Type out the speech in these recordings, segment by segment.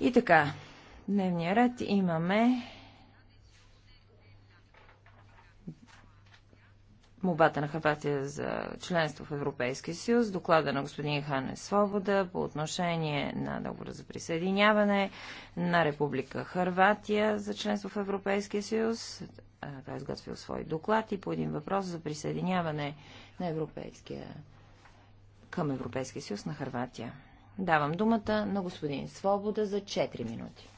И така, дневния ред имаме мобата на Хърватия за членство в Европейския съюз, доклада на господин Хане Свобода по отношение на договора за присъединяване на Република Хърватия за членство в Европейския съюз. Той е изготвил свой доклад и по един въпрос за присъединяване на Европейския към Европейския съюз на Харватия. Давам думата на господин Свобода за 4 минути.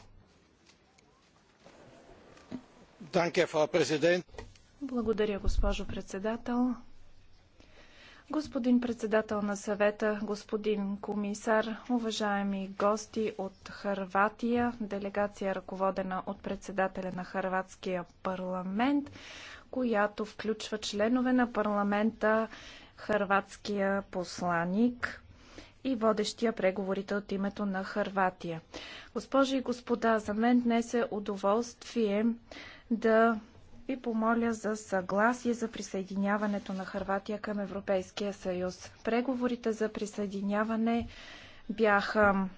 Благодаря, госпожо председател. Господин председател на съвета, господин комисар, уважаеми гости от Харватия, делегация ръководена от председателя на Харватския парламент, която включва членове на парламента, харватския посланик, и водещия преговорите от името на Харватия. Госпожи и господа, за мен днес е удоволствие да ви помоля за съгласие за присъединяването на Харватия към Европейския съюз. Преговорите за присъединяване бяха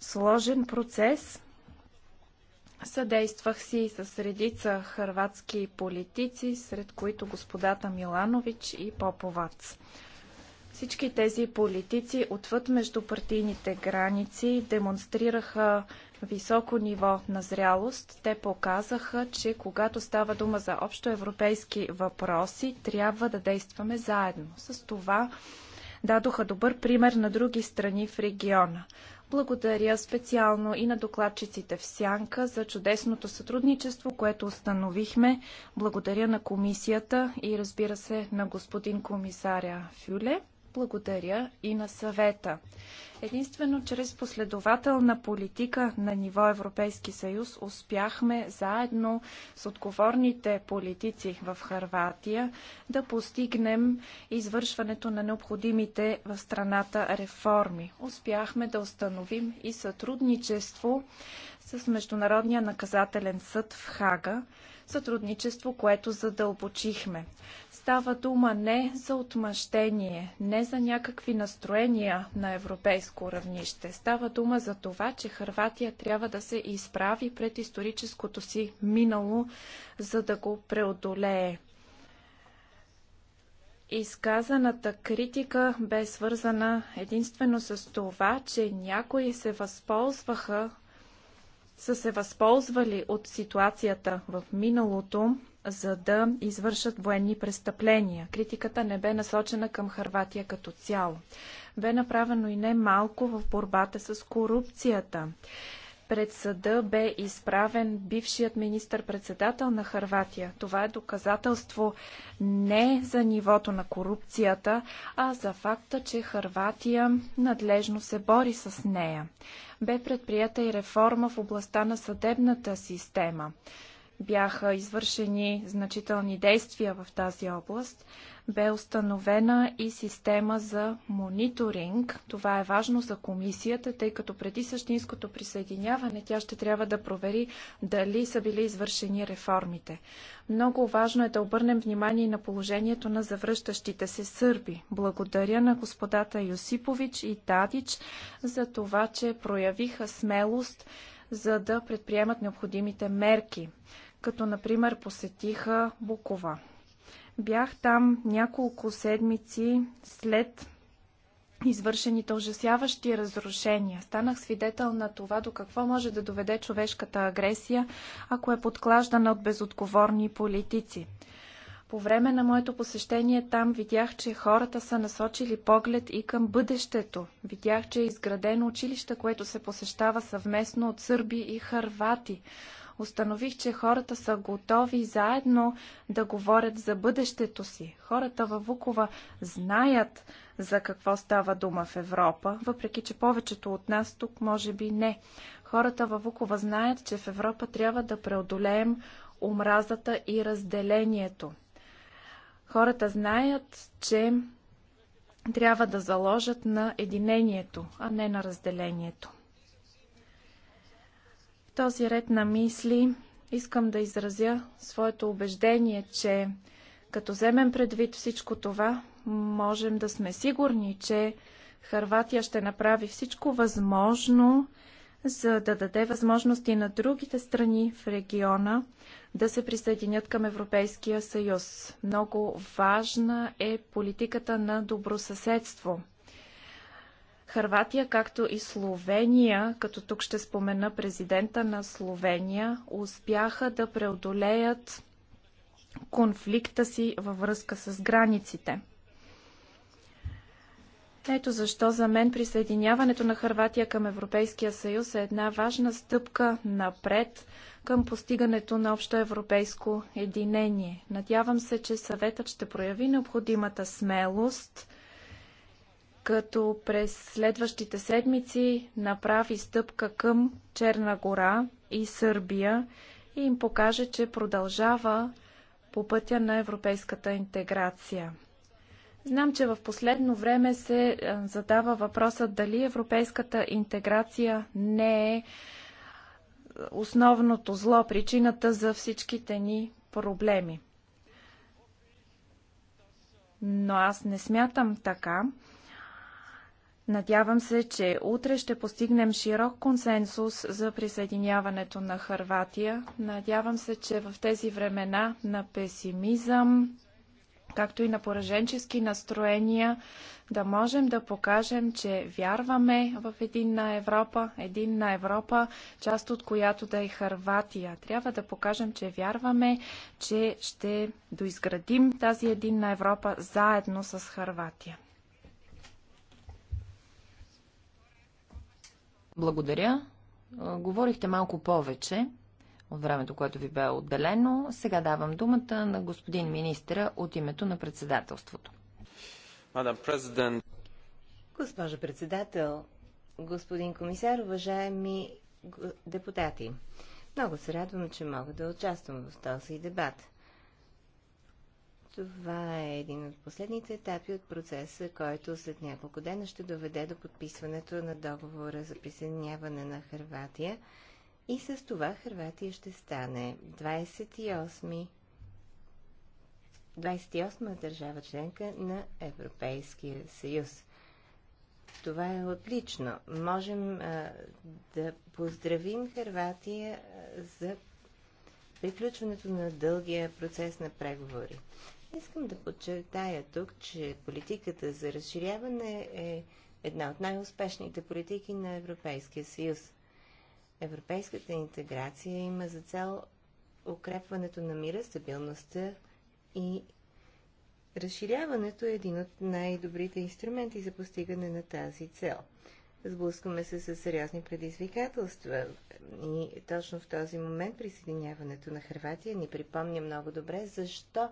сложен процес. Съдействах си с редица хърватски политици, сред които господата Миланович и Поповац. Всички тези политици отвъд междупартийните граници демонстрираха високо ниво на зрялост. Те показаха, че когато става дума за общоевропейски въпроси, трябва да действаме заедно. С това дадоха добър пример на други страни в региона. Благодаря специално и на докладчиците в Сянка за чудесното сътрудничество, което установихме. Благодаря на комисията и разбира се на господин комисаря Фюле. Благодаря и на съвета. Единствено чрез последователна политика на ниво Европейски съюз успяхме заедно с отговорните политици в Харватия да постигнем извършването на необходимите в страната реформи. Успяхме да установим и сътрудничество с Международния наказателен съд в Хага, сътрудничество, което задълбочихме. Става дума не за отмъщение, не за някакви настроения на европейско равнище. Става дума за това, че Харватия трябва да се изправи пред историческото си минало, за да го преодолее. Изказаната критика бе свързана единствено с това, че някои се възползваха, са се възползвали от ситуацията в миналото, за да извършат военни престъпления. Критиката не бе насочена към Харватия като цяло. Бе направено и не малко в борбата с корупцията. Пред съда бе изправен бившият министър-председател на Харватия. Това е доказателство не за нивото на корупцията, а за факта, че Харватия надлежно се бори с нея. Бе предприята и реформа в областта на съдебната система бяха извършени значителни действия в тази област. Бе установена и система за мониторинг. Това е важно за комисията, тъй като преди същинското присъединяване тя ще трябва да провери дали са били извършени реформите. Много важно е да обърнем внимание на положението на завръщащите се сърби. Благодаря на господата Юсипович и Тадич за това, че проявиха смелост за да предприемат необходимите мерки като например посетиха Букова. Бях там няколко седмици след извършените ужасяващи разрушения. Станах свидетел на това до какво може да доведе човешката агресия, ако е подклаждана от безотговорни политици. По време на моето посещение там видях, че хората са насочили поглед и към бъдещето. Видях, че е изградено училище, което се посещава съвместно от сърби и харвати установих, че хората са готови заедно да говорят за бъдещето си. Хората във Вукова знаят за какво става дума в Европа, въпреки че повечето от нас тук може би не. Хората във Вукова знаят, че в Европа трябва да преодолеем омразата и разделението. Хората знаят, че трябва да заложат на единението, а не на разделението този ред на мисли искам да изразя своето убеждение, че като вземем предвид всичко това, можем да сме сигурни, че Харватия ще направи всичко възможно, за да даде възможности на другите страни в региона да се присъединят към Европейския съюз. Много важна е политиката на добросъседство – Харватия, както и Словения, като тук ще спомена президента на Словения, успяха да преодолеят конфликта си във връзка с границите. Ето защо за мен присъединяването на Харватия към Европейския съюз е една важна стъпка напред към постигането на общо европейско единение. Надявам се, че съветът ще прояви необходимата смелост – като през следващите седмици направи стъпка към Черна гора и Сърбия и им покаже, че продължава по пътя на европейската интеграция. Знам, че в последно време се е, задава въпроса дали европейската интеграция не е, е основното зло, причината за всичките ни проблеми. Но аз не смятам така. Надявам се, че утре ще постигнем широк консенсус за присъединяването на Харватия. Надявам се, че в тези времена на песимизъм, както и на пораженчески настроения, да можем да покажем, че вярваме в на Европа, единна Европа, част от която да е Харватия. Трябва да покажем, че вярваме, че ще доизградим тази на Европа заедно с Харватия. Благодаря. Говорихте малко повече от времето, което ви бе отделено. Сега давам думата на господин министра от името на председателството. Мадам президент. Госпожа председател, господин комисар, уважаеми депутати. Много се радвам, че мога да участвам в този дебат. Това е един от последните етапи от процеса, който след няколко дена ще доведе до подписването на договора за присъединяване на Харватия. И с това Харватия ще стане 28 28-ма държава членка на Европейския съюз. Това е отлично. Можем а, да поздравим Харватия за приключването на дългия процес на преговори. Искам да подчертая тук, че политиката за разширяване е една от най-успешните политики на Европейския съюз. Европейската интеграция има за цел укрепването на мира, стабилността и разширяването е един от най-добрите инструменти за постигане на тази цел. Сблъскваме се с сериозни предизвикателства и точно в този момент присъединяването на Харватия ни припомня много добре защо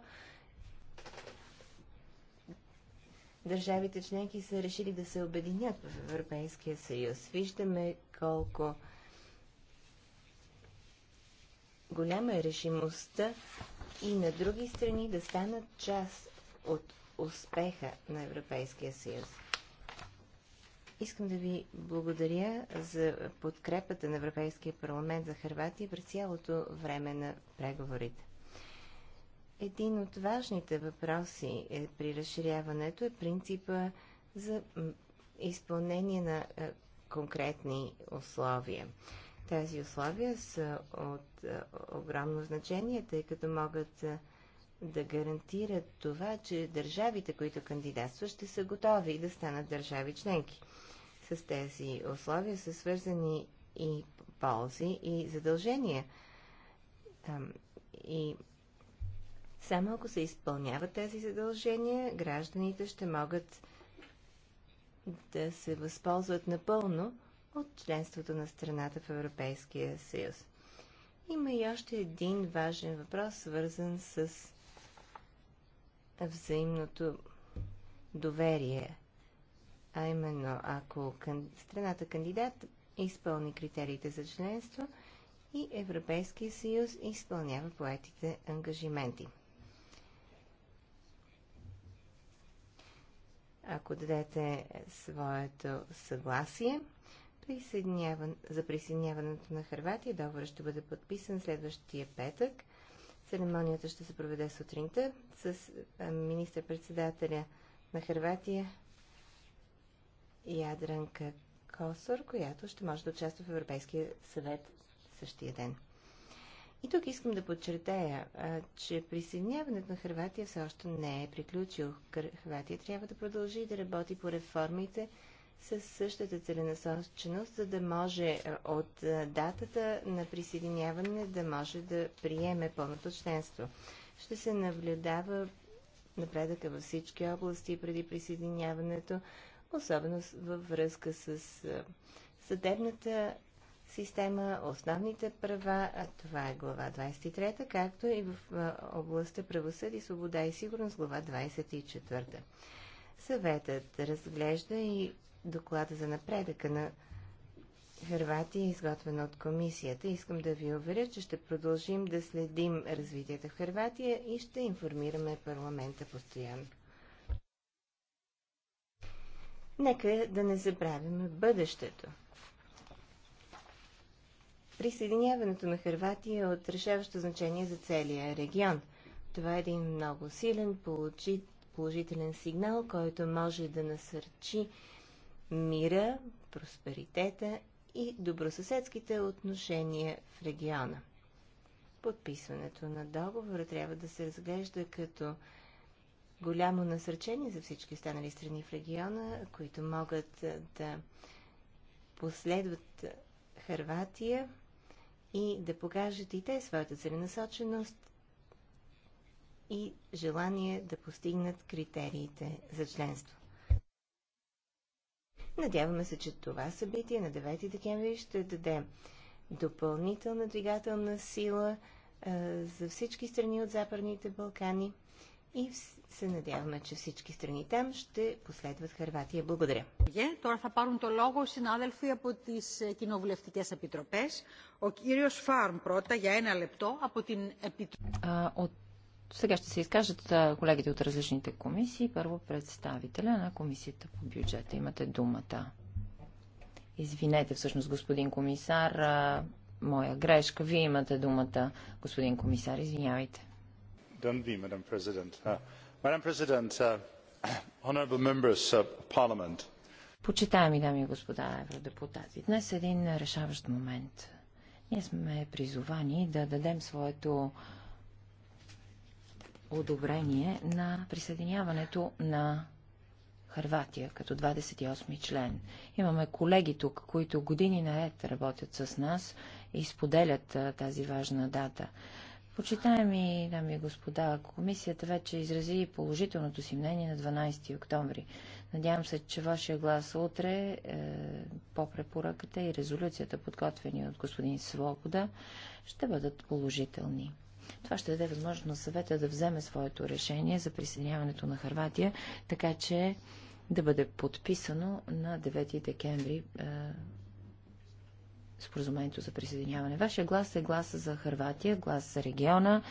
държавите членки са решили да се обединят в Европейския съюз. Виждаме колко голяма е решимостта и на други страни да станат част от успеха на Европейския съюз. Искам да ви благодаря за подкрепата на Европейския парламент за Харватия през цялото време на преговорите. Един от важните въпроси е, при разширяването е принципа за изпълнение на е, конкретни условия. Тези условия са от е, огромно значение, тъй като могат да гарантират това, че държавите, които кандидатства, ще са готови да станат държави членки. С тези условия са свързани и ползи, и задължения. И само ако се изпълняват тези задължения, гражданите ще могат да се възползват напълно от членството на страната в Европейския съюз. Има и още един важен въпрос, свързан с взаимното доверие. А именно, ако страната кандидат изпълни критериите за членство и Европейския съюз изпълнява поетите ангажименти. ако дадете своето съгласие присъединяван... за присъединяването на Харватия. Договорът ще бъде подписан следващия петък. Церемонията ще се проведе сутринта с министър-председателя на Харватия Ядранка Косор, която ще може да участва в Европейския съвет същия ден. И тук искам да подчертая, че присъединяването на Хрватия все още не е приключил. Хрватия трябва да продължи да работи по реформите с същата целенасоченост, за да може от датата на присъединяване да може да приеме пълното членство. Ще се наблюдава напредъка във всички области преди присъединяването, особено във връзка с съдебната система, основните права, а това е глава 23, както и в областта правосъди, свобода и сигурност, глава 24. Съветът разглежда и доклада за напредъка на Хърватия, изготвена от комисията. Искам да ви уверя, че ще продължим да следим развитието в Хърватия и ще информираме парламента постоянно. Нека да не забравяме бъдещето. Присъединяването на Харватия е от решаващо значение за целия регион. Това е един много силен, положителен сигнал, който може да насърчи мира, просперитета и добросъседските отношения в региона. Подписването на договора трябва да се разглежда като голямо насърчение за всички останали страни в региона, които могат да последват Харватия и да покажат и те своята целенасоченост и желание да постигнат критериите за членство. Надяваме се, че това събитие на 9 декември ще даде допълнителна двигателна сила а, за всички страни от Западните Балкани – и се надяваме, че всички страни там ще последват Харватия. Благодаря. Е, Τώρα θα πάρουν το λόγο συνάδελφοι από τις κοινοβουλευτικές επιτροπές. Ο κύριος Φάρμ πρώτα για ένα λεπτό από την Επιτροπή. От... Сега ще се изкажат колегите от различните комисии. Първо представителя на комисията по бюджета. Имате думата. Извинете, всъщност, господин комисар, моя грешка. Вие имате думата, господин комисар. Извинявайте madam president uh, uh, honourable members of parliament Почитаеми дами и господа евродепутати, днес е един решаващ момент. Ние сме призовани да дадем своето одобрение на присъединяването на Харватия като 28-ми член. Имаме колеги тук, които години наред работят с нас и споделят тази важна дата. Почитаеми дами и господа, комисията вече изрази положителното си мнение на 12 октомври. Надявам се, че вашия глас утре е, по препоръката и резолюцията, подготвени от господин Свобода, ще бъдат положителни. Това ще даде възможност на съвета да вземе своето решение за присъединяването на Харватия, така че да бъде подписано на 9 декември е, споразумението за присъединяване. Вашия глас е гласа за Харватия, глас за региона,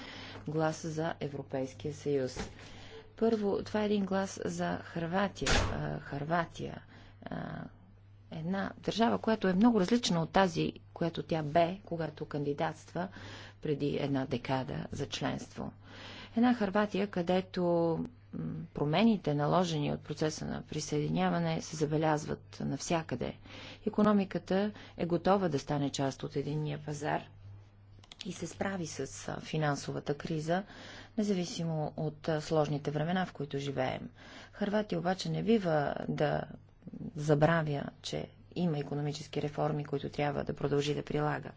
глас за Европейския съюз. Първо, това е един глас за Харватия. Харватия една държава, която е много различна от тази, която тя бе, когато кандидатства преди една декада за членство. Една Харватия, където промените, наложени от процеса на присъединяване, се забелязват навсякъде. Економиката е готова да стане част от единния пазар и се справи с финансовата криза, независимо от сложните времена, в които живеем. Харватия обаче не бива да забравя, че има економически реформи, които трябва да продължи да прилага.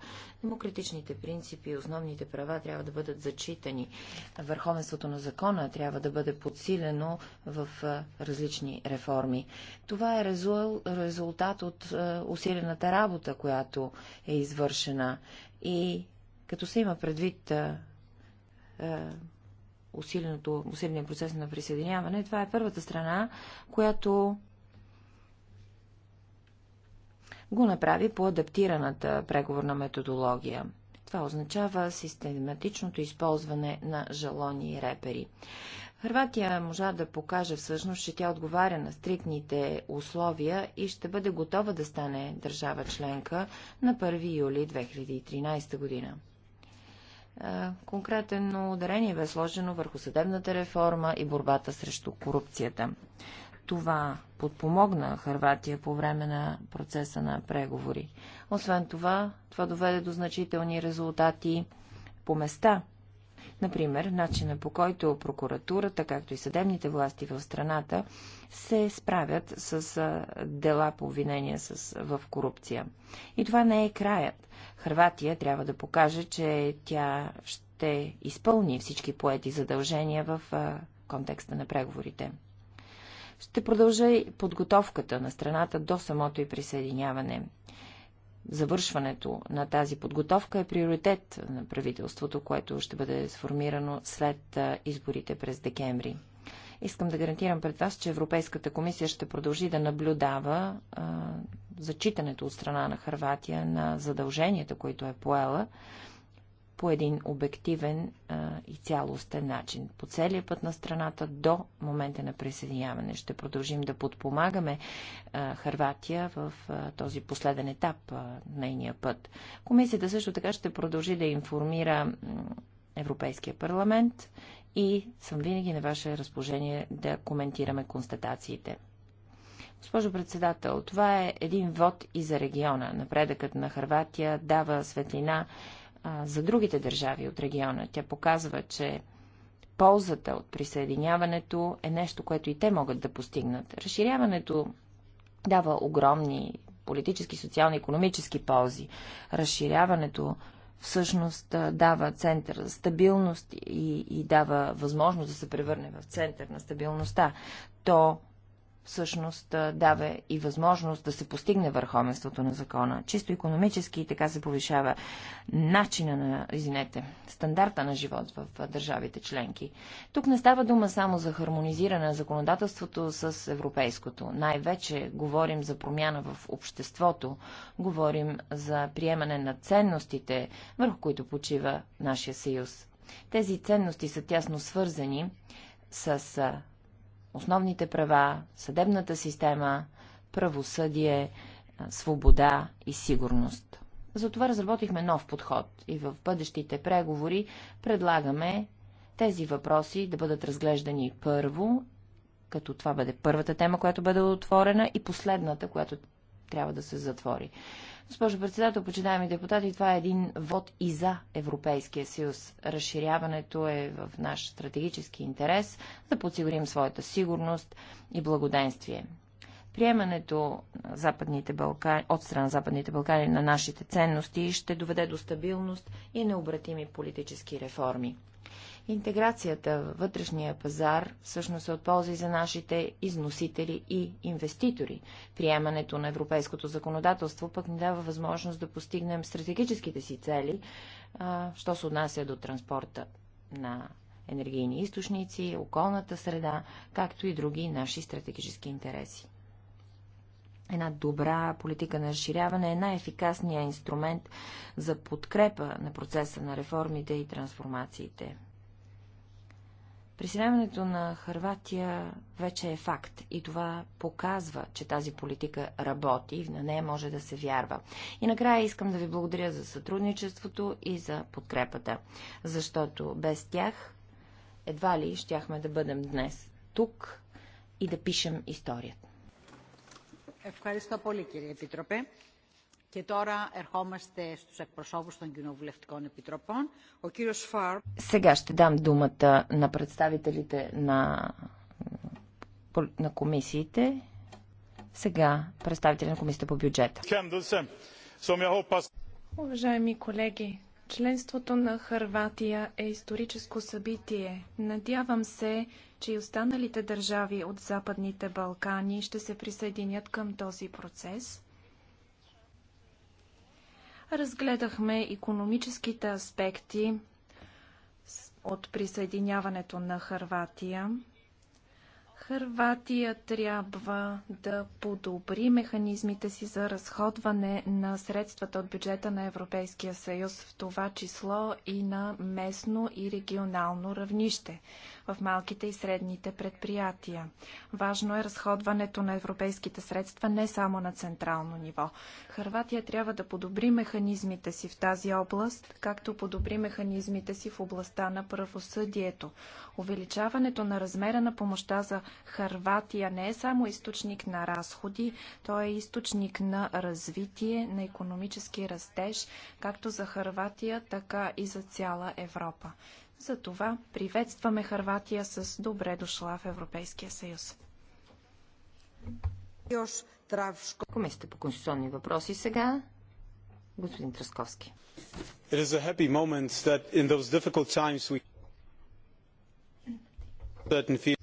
Демократичните принципи и основните права трябва да бъдат зачитани. Върховенството на закона трябва да бъде подсилено в различни реформи. Това е резултат от усилената работа, която е извършена. И като се има предвид усиленото, усиленият процес на присъединяване, това е първата страна, която го направи по адаптираната преговорна методология. Това означава систематичното използване на жалони и репери. Хрватия можа да покаже всъщност, че тя отговаря на стриктните условия и ще бъде готова да стане държава членка на 1 юли 2013 година. Конкретно ударение бе сложено върху съдебната реформа и борбата срещу корупцията. Това подпомогна Харватия по време на процеса на преговори. Освен това, това доведе до значителни резултати по места. Например, начина по който прокуратурата, както и съдебните власти в страната, се справят с дела по обвинения с... в корупция. И това не е краят. Харватия трябва да покаже, че тя ще изпълни всички поети задължения в контекста на преговорите. Ще продължа и подготовката на страната до самото и присъединяване. Завършването на тази подготовка е приоритет на правителството, което ще бъде сформирано след изборите през декември. Искам да гарантирам пред вас, че Европейската комисия ще продължи да наблюдава а, зачитането от страна на Харватия на задълженията, които е поела по един обективен а, и цялостен начин. По целия път на страната до момента на присъединяване. Ще продължим да подпомагаме а, Харватия в а, този последен етап а, нейния път. Комисията също така ще продължи да информира Европейския парламент и съм винаги на ваше разположение да коментираме констатациите. Госпожо председател, това е един вод и за региона. Напредъкът на Харватия дава светлина а, за другите държави от региона. Тя показва, че ползата от присъединяването е нещо, което и те могат да постигнат. Разширяването дава огромни политически, социални, економически ползи. Разширяването всъщност дава център за стабилност и, и дава възможност да се превърне в център на стабилността. То всъщност дава и възможност да се постигне върховенството на закона. Чисто економически и така се повишава начина на, извинете, стандарта на живот в държавите членки. Тук не става дума само за хармонизиране на законодателството с европейското. Най-вече говорим за промяна в обществото, говорим за приемане на ценностите, върху които почива нашия съюз. Тези ценности са тясно свързани с основните права, съдебната система, правосъдие, свобода и сигурност. Затова разработихме нов подход и в бъдещите преговори предлагаме тези въпроси да бъдат разглеждани първо, като това бъде първата тема, която бъде отворена и последната, която трябва да се затвори. Госпожо председател, почитаеми депутати, това е един вод и за Европейския съюз. Разширяването е в наш стратегически интерес да подсигурим своята сигурност и благоденствие. Приемането на Западните Балкани, от страна на Западните Балкани на нашите ценности ще доведе до стабилност и необратими политически реформи. Интеграцията в вътрешния пазар всъщност се от полза и за нашите износители и инвеститори. Приемането на европейското законодателство пък ни дава възможност да постигнем стратегическите си цели, а, що се отнася до транспорта на енергийни източници, околната среда, както и други наши стратегически интереси. Една добра политика на разширяване е най-ефикасният инструмент за подкрепа на процеса на реформите и трансформациите. Присъединяването на Харватия вече е факт и това показва, че тази политика работи и на нея може да се вярва. И накрая искам да ви благодаря за сътрудничеството и за подкрепата, защото без тях едва ли щяхме да бъдем днес тук и да пишем историята. Ευχαριστώ πολύ κύριε Επιτροπέ. Και τώρα ερχόμαστε στους εκπροσώπους των κοινοβουλευτικών επιτροπών. Ο κύριος Φάρμ... Сега ще дам думата на представителите να... на комисиите. Сега представители на комисията по бюджета. Уважаеми колеги, членството на Харватия е историческо събитие. Надявам се, че и останалите държави от Западните Балкани ще се присъединят към този процес – Разгледахме економическите аспекти от присъединяването на Харватия. Хърватия трябва да подобри механизмите си за разходване на средствата от бюджета на Европейския съюз, в това число и на местно и регионално равнище в малките и средните предприятия. Важно е разходването на европейските средства не само на централно ниво. Хърватия трябва да подобри механизмите си в тази област, както подобри механизмите си в областта на правосъдието. Увеличаването на размера на помощта за Харватия не е само източник на разходи, той е източник на развитие, на економически растеж, както за Харватия, така и за цяла Европа. Затова приветстваме Харватия с добре дошла в Европейския съюз. Комисията по конституционни въпроси сега. Господин Трасковски. We...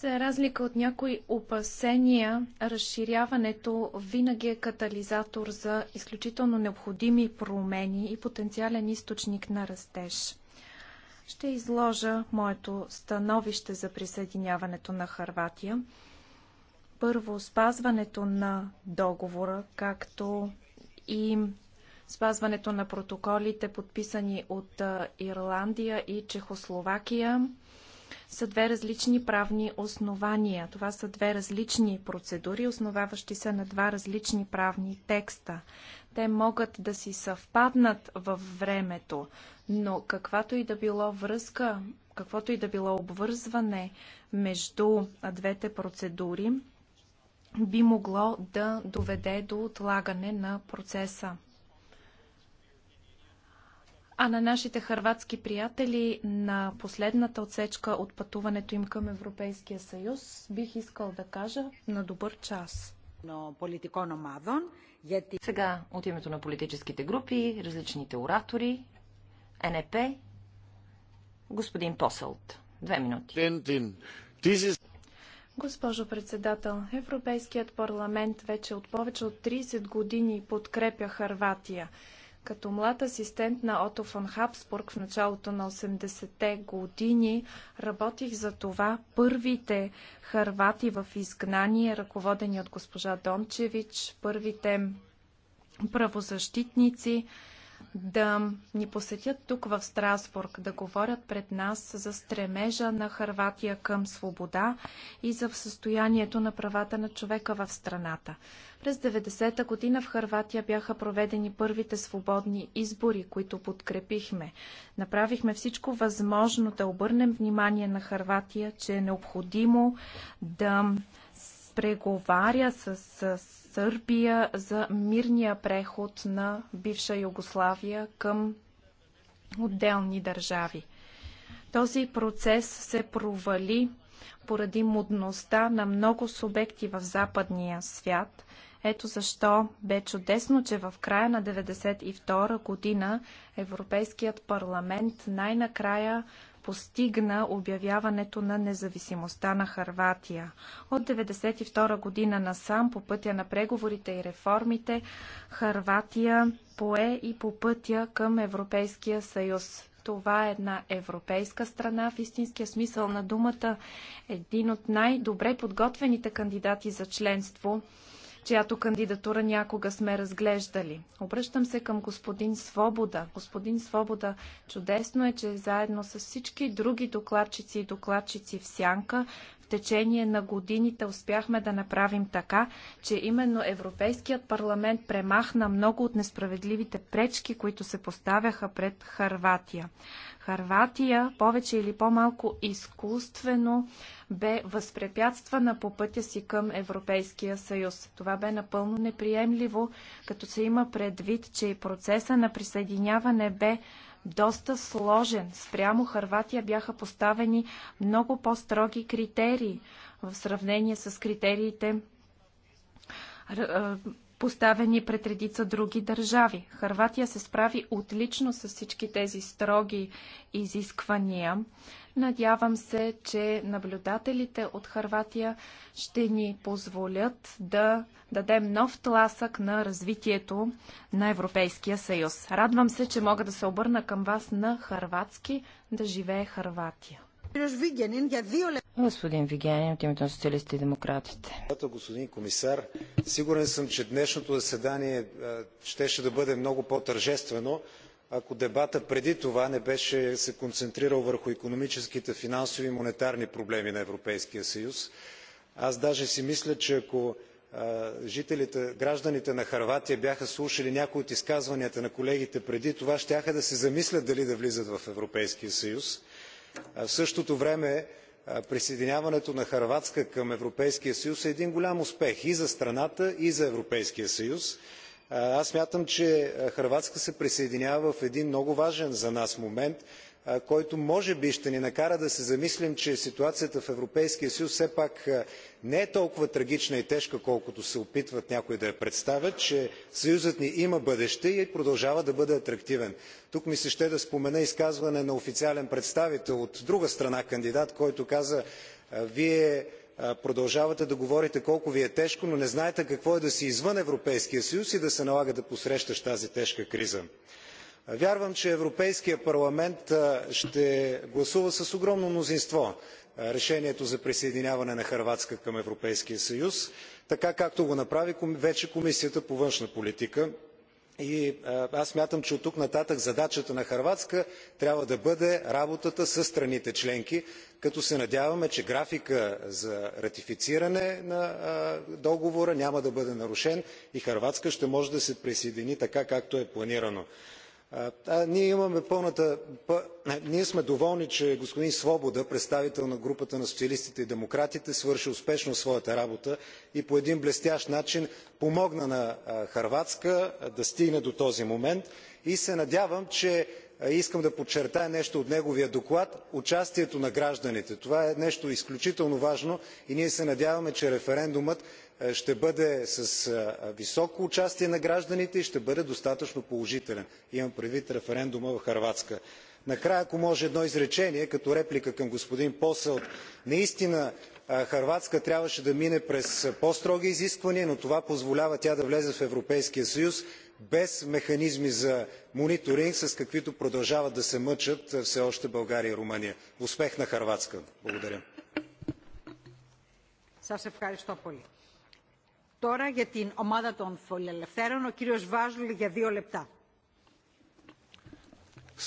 За разлика от някои опасения, разширяването винаги е катализатор за изключително необходими промени и потенциален източник на растеж. Ще изложа моето становище за присъединяването на Харватия. Първо, спазването на договора, както и спазването на протоколите, подписани от Ирландия и Чехословакия са две различни правни основания. Това са две различни процедури, основаващи се на два различни правни текста. Те могат да си съвпаднат във времето, но каквато и да било връзка, каквото и да било обвързване между двете процедури, би могло да доведе до отлагане на процеса а на нашите хърватски приятели на последната отсечка от пътуването им към Европейския съюз бих искал да кажа на добър час. Сега от името на политическите групи, различните оратори, НП, господин Посълт. Две минути. Госпожо председател, Европейският парламент вече от повече от 30 години подкрепя Харватия. Като млад асистент на Ото фон Хабсбург в началото на 80-те години работих за това първите харвати в изгнание, ръководени от госпожа Дончевич, първите правозащитници, да ни посетят тук в Страсбург, да говорят пред нас за стремежа на Харватия към свобода и за състоянието на правата на човека в страната. През 90-та година в Харватия бяха проведени първите свободни избори, които подкрепихме. Направихме всичко възможно да обърнем внимание на Харватия, че е необходимо да преговаря с, с Сърбия за мирния преход на бивша Югославия към отделни държави. Този процес се провали поради модността на много субекти в западния свят. Ето защо бе чудесно, че в края на 1992 година Европейският парламент най-накрая постигна обявяването на независимостта на Харватия. От 1992 година насам по пътя на преговорите и реформите Харватия пое и по пътя към Европейския съюз. Това е една европейска страна в истинския смисъл на думата, един от най-добре подготвените кандидати за членство чиято кандидатура някога сме разглеждали. Обръщам се към господин Свобода. Господин Свобода, чудесно е, че заедно с всички други докладчици и докладчици в Сянка в течение на годините успяхме да направим така, че именно Европейският парламент премахна много от несправедливите пречки, които се поставяха пред Харватия. Харватия повече или по-малко изкуствено бе възпрепятствана по пътя си към Европейския съюз. Това бе напълно неприемливо, като се има предвид, че и процеса на присъединяване бе доста сложен. Спрямо Харватия бяха поставени много по-строги критерии в сравнение с критериите поставени пред редица други държави. Харватия се справи отлично с всички тези строги изисквания. Надявам се, че наблюдателите от Харватия ще ни позволят да дадем нов тласък на развитието на Европейския съюз. Радвам се, че мога да се обърна към вас на харватски да живее Харватия. Господин Вигенин от името на социалистите и демократите. Господин комисар, сигурен съм, че днешното заседание щеше да бъде много по-тържествено, ако дебатът преди това не беше се концентрирал върху икономическите, финансови и монетарни проблеми на Европейския съюз. Аз даже си мисля, че ако жителите, гражданите на Харватия бяха слушали някои от изказванията на колегите преди това, щяха да се замислят дали да влизат в Европейския съюз. В същото време присъединяването на Харватска към Европейския съюз е един голям успех и за страната, и за Европейския съюз. Аз смятам, че Хърватска се присъединява в един много важен за нас момент, който може би ще ни накара да се замислим, че ситуацията в Европейския съюз все пак не е толкова трагична и тежка, колкото се опитват някои да я представят, че съюзът ни има бъдеще и продължава да бъде атрактивен. Тук ми се ще да спомена изказване на официален представител от друга страна кандидат, който каза, вие продължавате да говорите колко ви е тежко, но не знаете какво е да си извън Европейския съюз и да се налага да посрещаш тази тежка криза. Вярвам, че Европейският парламент ще гласува с огромно мнозинство решението за присъединяване на Хърватска към Европейския съюз, така както го направи вече Комисията по външна политика и аз смятам, че оттук нататък задачата на Хърватска трябва да бъде работата с страните членки, като се надяваме, че графикът за ратифициране на договора няма да бъде нарушен и Хърватска ще може да се присъедини така, както е планирано ние сме доволни че господин свобода представител на групата на социалистите и демократите свърши успешно своята работа и по един блестящ начин помогна на хърватска да стигне до този момент и се надявам че искам да подчертая нещо от неговия доклад участието на гражданите. това е нещо изключително важно и ние се надяваме че референдумът е, ще бъде с е, високо участие на гражданите и ще бъде достатъчно положителен. Имам предвид референдума в Хърватска. Накрая, ако може едно изречение като реплика към господин Посълт. Наистина е, Хърватска трябваше да мине през по-строги изисквания, но това позволява тя да влезе в Европейския съюз без механизми за мониторинг, с каквито продължават да се мъчат все още България и Румъния. Успех на Хърватска! Благодаря τώρα για την ομάδα των Φιλελευθέρων ο κύριος για δύο λεπτά.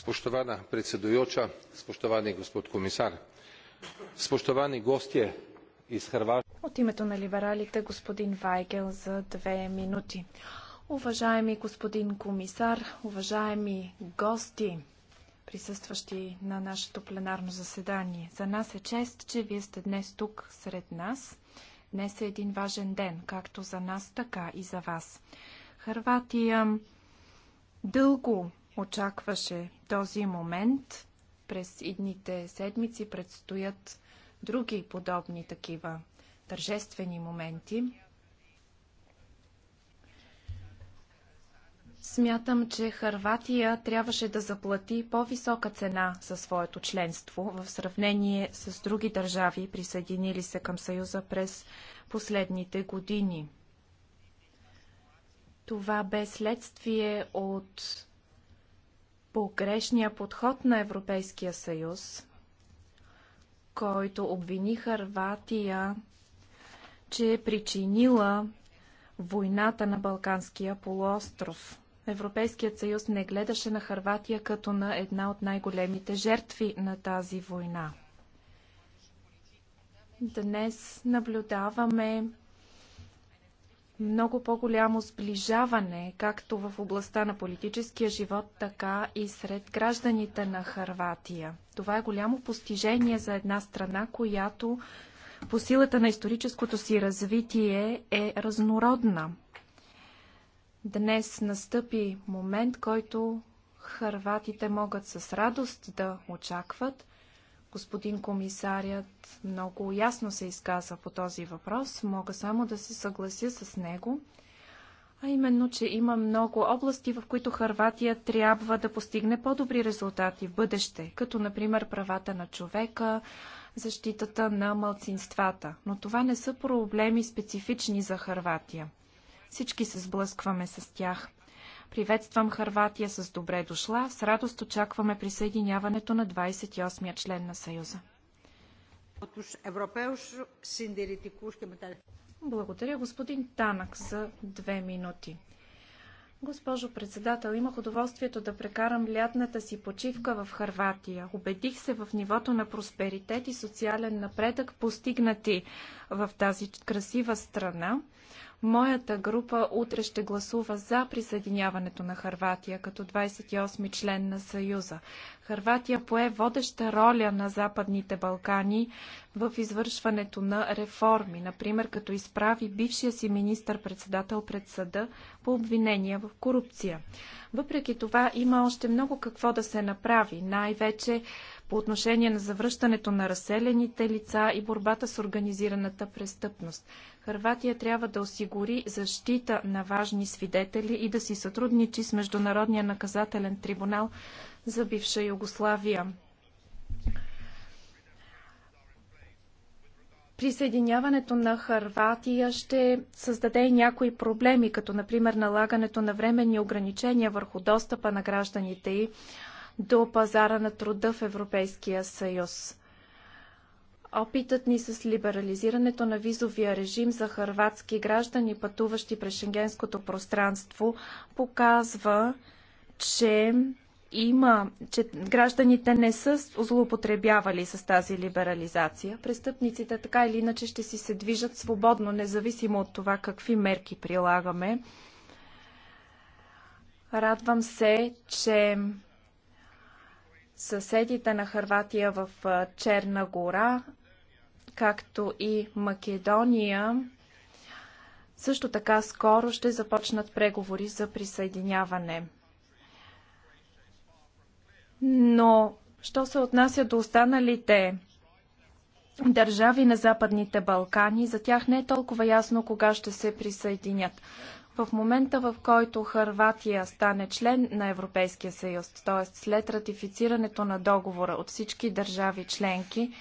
Spoštovana predsedujoča, spoštovani gospod komisar, spoštovani gostje iz Hrvaške. От името на либералите господин Вайгел за две минути. Уважаеми господин комисар, уважаеми гости, присъстващи на нашето пленарно заседание. За нас е чест, че вие сте днес тук сред нас Днес е един важен ден, както за нас, така и за вас. Харватия дълго очакваше този момент. През идните седмици предстоят други подобни такива тържествени моменти. Смятам, че Харватия трябваше да заплати по-висока цена за своето членство в сравнение с други държави, присъединили се към Съюза през последните години. Това бе следствие от погрешния подход на Европейския съюз, който обвини Харватия, че е причинила войната на Балканския полуостров. Европейският съюз не гледаше на Харватия като на една от най-големите жертви на тази война. Днес наблюдаваме много по-голямо сближаване, както в областта на политическия живот, така и сред гражданите на Харватия. Това е голямо постижение за една страна, която по силата на историческото си развитие е разнородна. Днес настъпи момент, който хърватите могат с радост да очакват. Господин комисарят много ясно се изказа по този въпрос. Мога само да се съглася с него. А именно, че има много области, в които Харватия трябва да постигне по-добри резултати в бъдеще, като например правата на човека, защитата на малцинствата. Но това не са проблеми специфични за Харватия. Всички се сблъскваме с тях. Приветствам Харватия с добре дошла. С радост очакваме присъединяването на 28-я член на Съюза. Благодаря, господин Танък, за две минути. Госпожо председател, имах удоволствието да прекарам лятната си почивка в Харватия. Убедих се в нивото на просперитет и социален напредък, постигнати в тази красива страна. Моята група утре ще гласува за присъединяването на Харватия като 28 член на Съюза. Харватия пое водеща роля на Западните Балкани в извършването на реформи, например като изправи бившия си министър-председател пред съда по обвинения в корупция. Въпреки това има още много какво да се направи, най-вече по отношение на завръщането на разселените лица и борбата с организираната престъпност. Харватия трябва да осигури защита на важни свидетели и да си сътрудничи с Международния наказателен трибунал за бивша Югославия. присъединяването на Харватия ще създаде и някои проблеми, като например налагането на временни ограничения върху достъпа на гражданите и до пазара на труда в Европейския съюз. Опитът ни с либерализирането на визовия режим за хърватски граждани, пътуващи през шенгенското пространство, показва, че има, че гражданите не са злоупотребявали с тази либерализация. Престъпниците така или иначе ще си се движат свободно, независимо от това какви мерки прилагаме. Радвам се, че съседите на Харватия в Черна гора, както и Македония, също така скоро ще започнат преговори за присъединяване. Но, що се отнася до останалите държави на Западните Балкани, за тях не е толкова ясно кога ще се присъединят. В момента, в който Харватия стане член на Европейския съюз, т.е. след ратифицирането на договора от всички държави членки,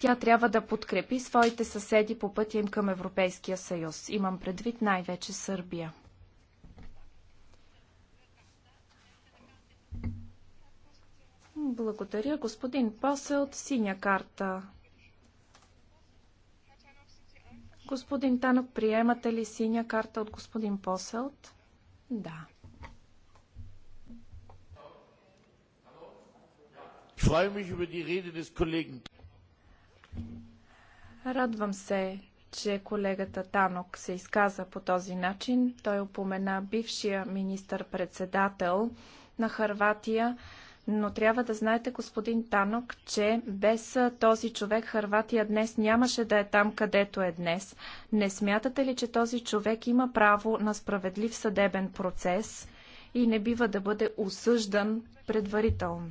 тя трябва да подкрепи своите съседи по пътя им към Европейския съюз. Имам предвид най-вече Сърбия. Благодаря, господин Посел. от Синя карта Господин Танок, приемате ли синя карта от господин Поселт? Да. Радвам се, че колегата Танок се изказа по този начин. Той упомена бившия министър-председател на Харватия, но трябва да знаете, господин Танок, че без този човек Харватия днес нямаше да е там, където е днес. Не смятате ли, че този човек има право на справедлив съдебен процес и не бива да бъде осъждан предварително?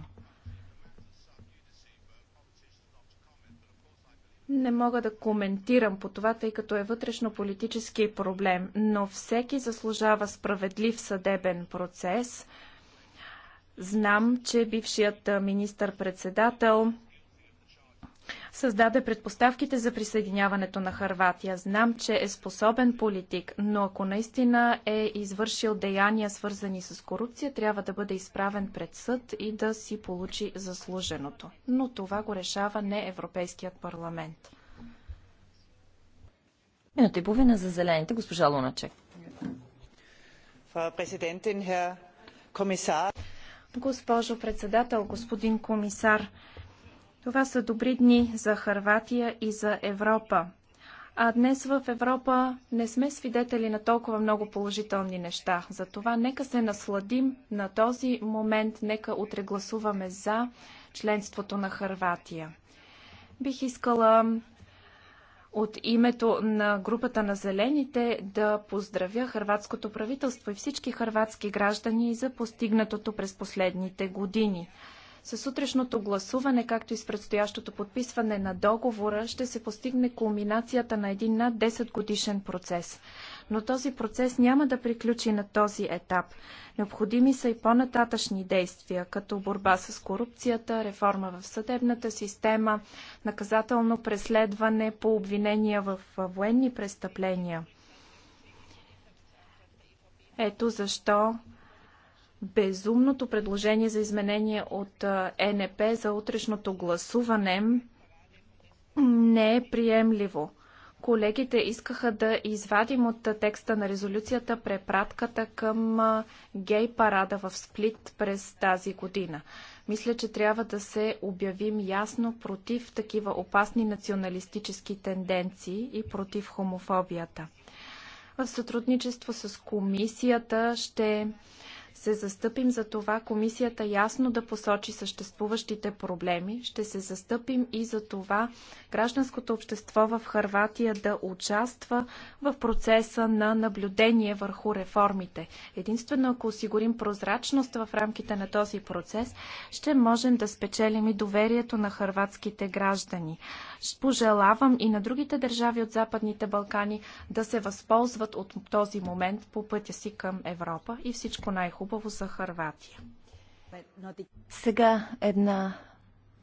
Не мога да коментирам по това, тъй като е вътрешно политически проблем, но всеки заслужава справедлив съдебен процес – Знам, че бившият министър-председател създаде предпоставките за присъединяването на Харватия. Знам, че е способен политик, но ако наистина е извършил деяния свързани с корупция, трябва да бъде изправен пред съд и да си получи заслуженото. Но това го решава не Европейският парламент. Минута и половина за зелените, госпожа Луначек. Фра президентин, комисар. Госпожо председател, господин комисар, това са добри дни за Харватия и за Европа. А днес в Европа не сме свидетели на толкова много положителни неща. Затова нека се насладим на този момент, нека утре гласуваме за членството на Харватия. Бих искала от името на групата на зелените да поздравя хрватското правителство и всички хрватски граждани за постигнатото през последните години. С сутрешното гласуване, както и с предстоящото подписване на договора, ще се постигне кулминацията на един над 10 годишен процес но този процес няма да приключи на този етап. Необходими са и по-нататъчни действия, като борба с корупцията, реформа в съдебната система, наказателно преследване по обвинения в военни престъпления. Ето защо безумното предложение за изменение от НП за утрешното гласуване не е приемливо. Колегите искаха да извадим от текста на резолюцията препратката към гей парада в Сплит през тази година. Мисля, че трябва да се обявим ясно против такива опасни националистически тенденции и против хомофобията. В сътрудничество с комисията ще се застъпим за това комисията ясно да посочи съществуващите проблеми. Ще се застъпим и за това гражданското общество в Харватия да участва в процеса на наблюдение върху реформите. Единствено ако осигурим прозрачност в рамките на този процес, ще можем да спечелим и доверието на харватските граждани. Пожелавам и на другите държави от Западните Балкани да се възползват от този момент по пътя си към Европа и всичко най-хубаво за Харватия. Сега една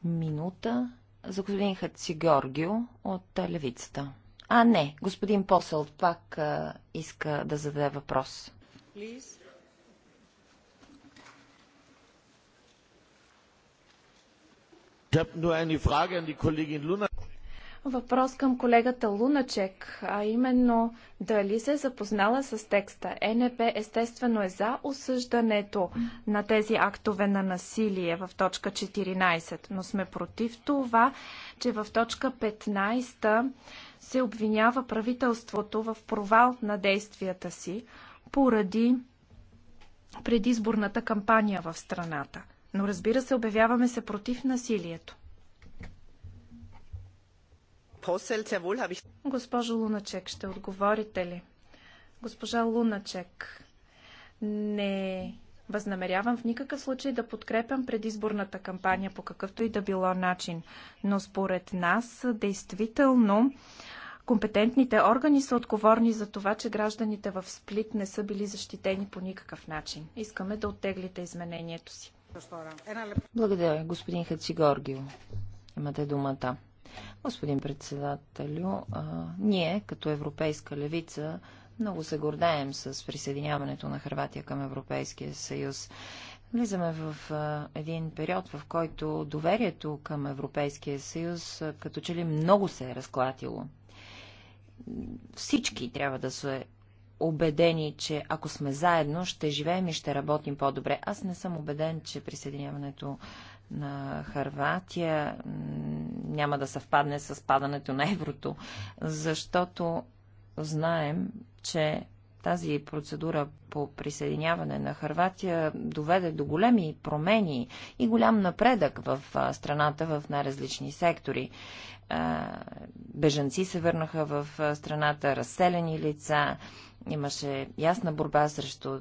минута за господин Георгио от Левицата. А, не, господин Посел пак а, иска да зададе въпрос. Please. Ich habe nur eine Frage an die Kollegin Luna въпрос към колегата Луначек, а именно дали се е запознала с текста. Е НП естествено е за осъждането на тези актове на насилие в точка 14, но сме против това, че в точка 15 се обвинява правителството в провал на действията си поради предизборната кампания в страната. Но разбира се, обявяваме се против насилието. Госпожо Луначек, ще отговорите ли? Госпожа Луначек, не Възнамерявам в никакъв случай да подкрепям предизборната кампания по какъвто и да било начин, но според нас действително компетентните органи са отговорни за това, че гражданите в Сплит не са били защитени по никакъв начин. Искаме да оттеглите изменението си. Благодаря, господин Хацигоргио. Имате думата. Господин председателю, а, ние като европейска левица много се гордаем с присъединяването на Харватия към Европейския съюз. Влизаме в а, един период, в който доверието към Европейския съюз а, като че ли много се е разклатило. Всички трябва да се убедени, че ако сме заедно, ще живеем и ще работим по-добре. Аз не съм убеден, че присъединяването на Харватия няма да съвпадне с падането на еврото, защото знаем, че тази процедура по присъединяване на Харватия доведе до големи промени и голям напредък в страната в най-различни сектори. Бежанци се върнаха в страната, разселени лица, имаше ясна борба срещу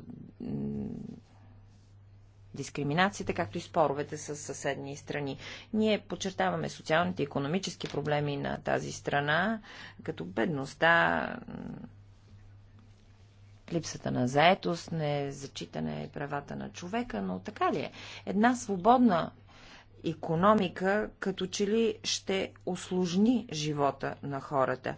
дискриминацията, както и споровете с съседни страни. Ние подчертаваме социалните и економически проблеми на тази страна, като бедността, липсата на заетост, незачитане правата на човека, но така ли е? Една свободна економика като че ли ще осложни живота на хората.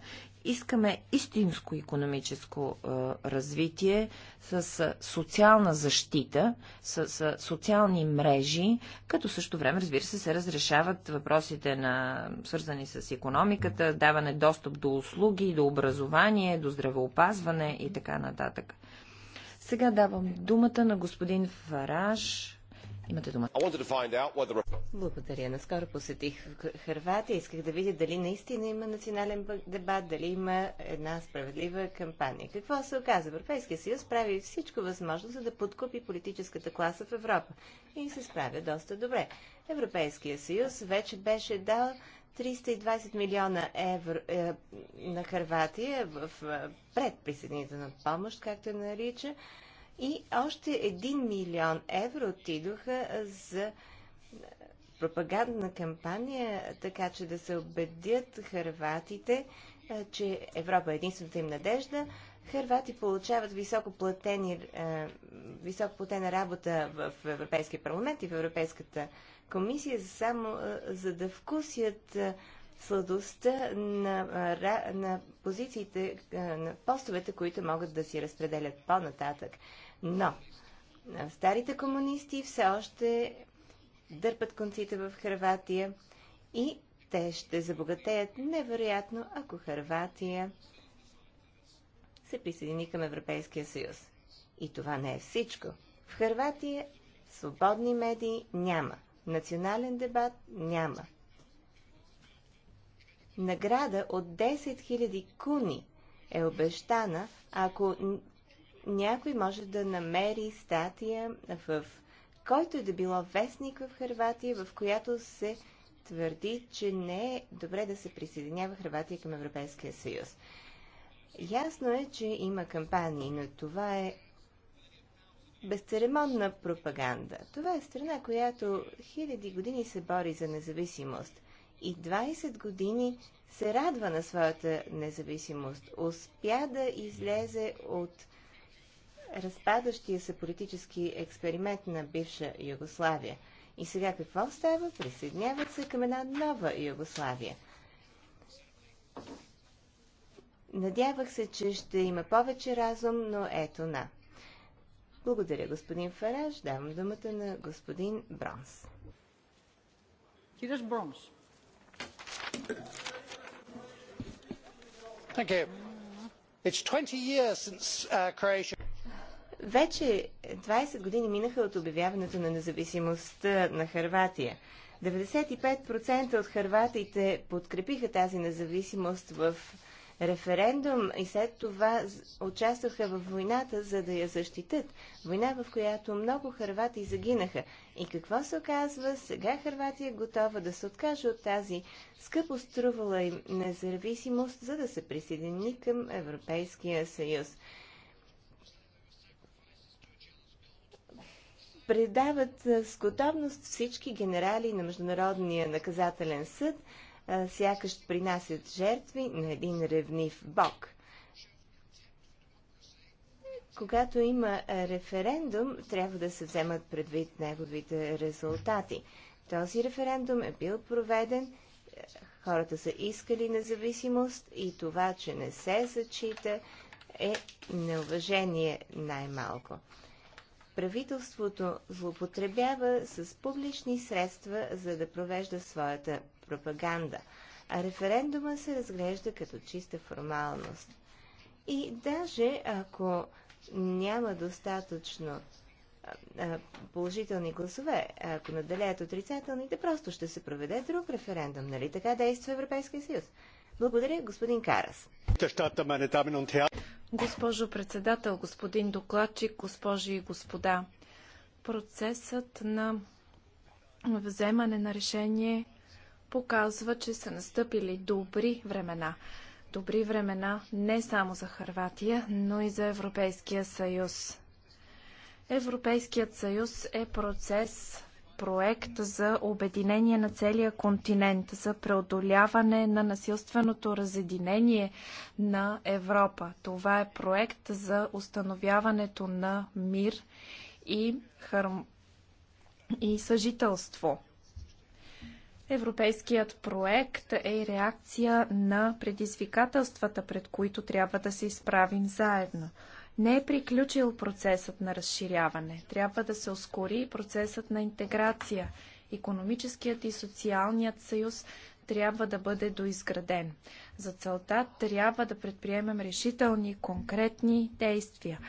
Искаме истинско економическо е, развитие с социална защита, с, с социални мрежи, като също време, разбира се, се разрешават въпросите на свързани с економиката, даване достъп до услуги, до образование, до здравеопазване и така нататък. Сега давам думата на господин Фараж. Имате думата. Благодаря. Наскоро посетих Харватия. Исках да видя дали наистина има национален дебат, дали има една справедлива кампания. Какво се оказа? Европейския съюз прави всичко възможно, за да подкупи политическата класа в Европа. И се справя доста добре. Европейския съюз вече беше дал 320 милиона евро е, на Харватия в е, предприсъединителна помощ, както я нарича. И още 1 милион евро отидоха за пропагандна кампания, така че да се убедят харватите, че Европа е единствената им надежда. Харвати получават високо високоплатена работа в Европейския парламент и в Европейската комисия, само за да вкусят сладостта на, на позициите, на постовете, които могат да си разпределят по-нататък. Но старите комунисти все още дърпат конците в Харватия и те ще забогатеят невероятно, ако Харватия се присъедини към Европейския съюз. И това не е всичко. В Харватия свободни медии няма. Национален дебат няма. Награда от 10 000 куни е обещана, ако някой може да намери статия в който е да било вестник в Харватия, в която се твърди, че не е добре да се присъединява Харватия към Европейския съюз. Ясно е, че има кампании, но това е безцеремонна пропаганда. Това е страна, която хиляди години се бори за независимост и 20 години се радва на своята независимост. Успя да излезе от разпадащия се политически експеримент на бивша Югославия. И сега какво става? Присъединяват се към една нова Югославия. Надявах се, че ще има повече разум, но ето на. Благодаря, господин Фараж. Давам думата на господин Бронс. Кидаш Бронс. Thank you. It's 20 years since uh, Croatia вече 20 години минаха от обявяването на независимостта на Харватия. 95% от харватите подкрепиха тази независимост в референдум и след това участваха в войната, за да я защитат. Война, в която много харвати загинаха. И какво се оказва? Сега Харватия е готова да се откаже от тази скъпо струвала им независимост, за да се присъедини към Европейския съюз. предават с готовност всички генерали на Международния наказателен съд, сякаш принасят жертви на един ревнив бог. Когато има референдум, трябва да се вземат предвид неговите резултати. Този референдум е бил проведен, хората са искали независимост и това, че не се зачита, е неуважение най-малко правителството злоупотребява с публични средства, за да провежда своята пропаганда, а референдума се разглежда като чиста формалност. И даже ако няма достатъчно положителни гласове, ако наделят отрицателните, просто ще се проведе друг референдум. Нали така действа Европейския съюз? Благодаря, господин Карас. Госпожо председател, господин докладчик, госпожи и господа, процесът на вземане на решение показва, че са настъпили добри времена. Добри времена не само за Харватия, но и за Европейския съюз. Европейският съюз е процес, проект за обединение на целия континент, за преодоляване на насилственото разединение на Европа. Това е проект за установяването на мир и, харм... и съжителство. Европейският проект е реакция на предизвикателствата, пред които трябва да се изправим заедно. Не е приключил процесът на разширяване. Трябва да се ускори процесът на интеграция. Економическият и социалният съюз трябва да бъде доизграден. За целта трябва да предприемем решителни, конкретни действия.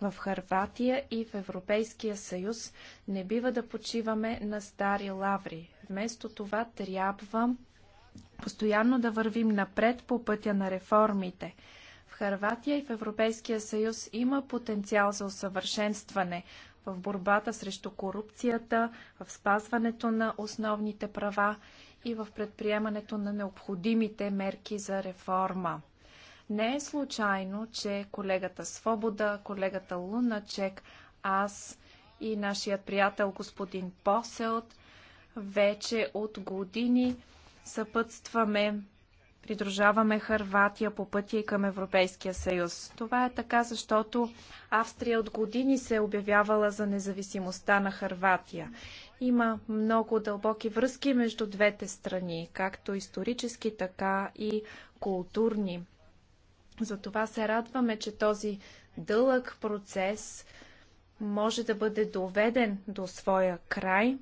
В Харватия и в Европейския съюз не бива да почиваме на стари лаври. Вместо това трябва постоянно да вървим напред по пътя на реформите. Харватия и в Европейския съюз има потенциал за усъвършенстване в борбата срещу корупцията, в спазването на основните права и в предприемането на необходимите мерки за реформа. Не е случайно, че колегата Свобода, колегата Луначек, аз и нашият приятел господин Поселт вече от години съпътстваме придружаваме Харватия по пътя и към Европейския съюз. Това е така, защото Австрия от години се е обявявала за независимостта на Харватия. Има много дълбоки връзки между двете страни, както исторически, така и културни. Затова се радваме, че този дълъг процес може да бъде доведен до своя край.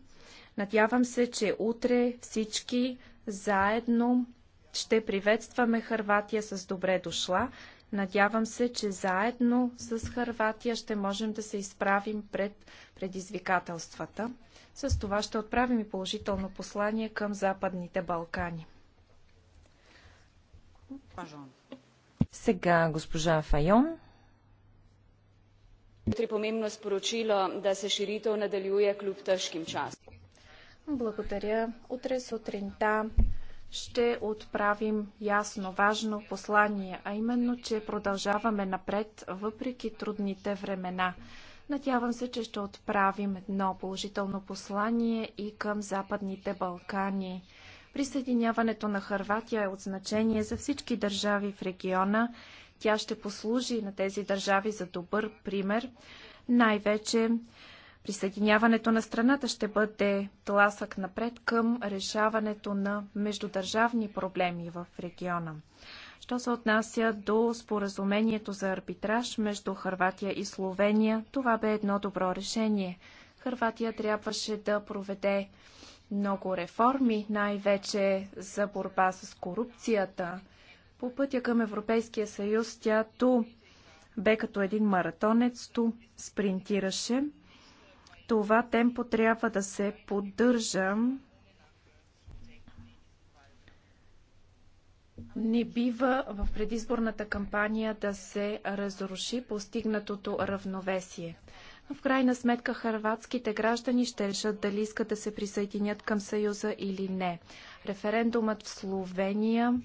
Надявам се, че утре всички заедно ще приветстваме Харватия с добре дошла. Надявам се, че заедно с Харватия ще можем да се изправим пред предизвикателствата. С това ще отправим и положително послание към Западните Балкани. Сега госпожа Файон. Jutri pomembno sporočilo, da se širitev nadaljuje kljub težkim Благодаря. Утре сутринта ще отправим ясно, важно послание, а именно, че продължаваме напред въпреки трудните времена. Надявам се, че ще отправим едно положително послание и към Западните Балкани. Присъединяването на Харватия е от значение за всички държави в региона. Тя ще послужи на тези държави за добър пример, най-вече Присъединяването на страната ще бъде тласък напред към решаването на междудържавни проблеми в региона. Що се отнася до споразумението за арбитраж между Харватия и Словения, това бе едно добро решение. Харватия трябваше да проведе много реформи, най-вече за борба с корупцията. По пътя към Европейския съюз тя ту бе като един маратонец, ту спринтираше. Това темпо трябва да се поддържа. Не бива в предизборната кампания да се разруши постигнатото равновесие. В крайна сметка хърватските граждани ще решат дали искат да се присъединят към Съюза или не. Референдумът в Словения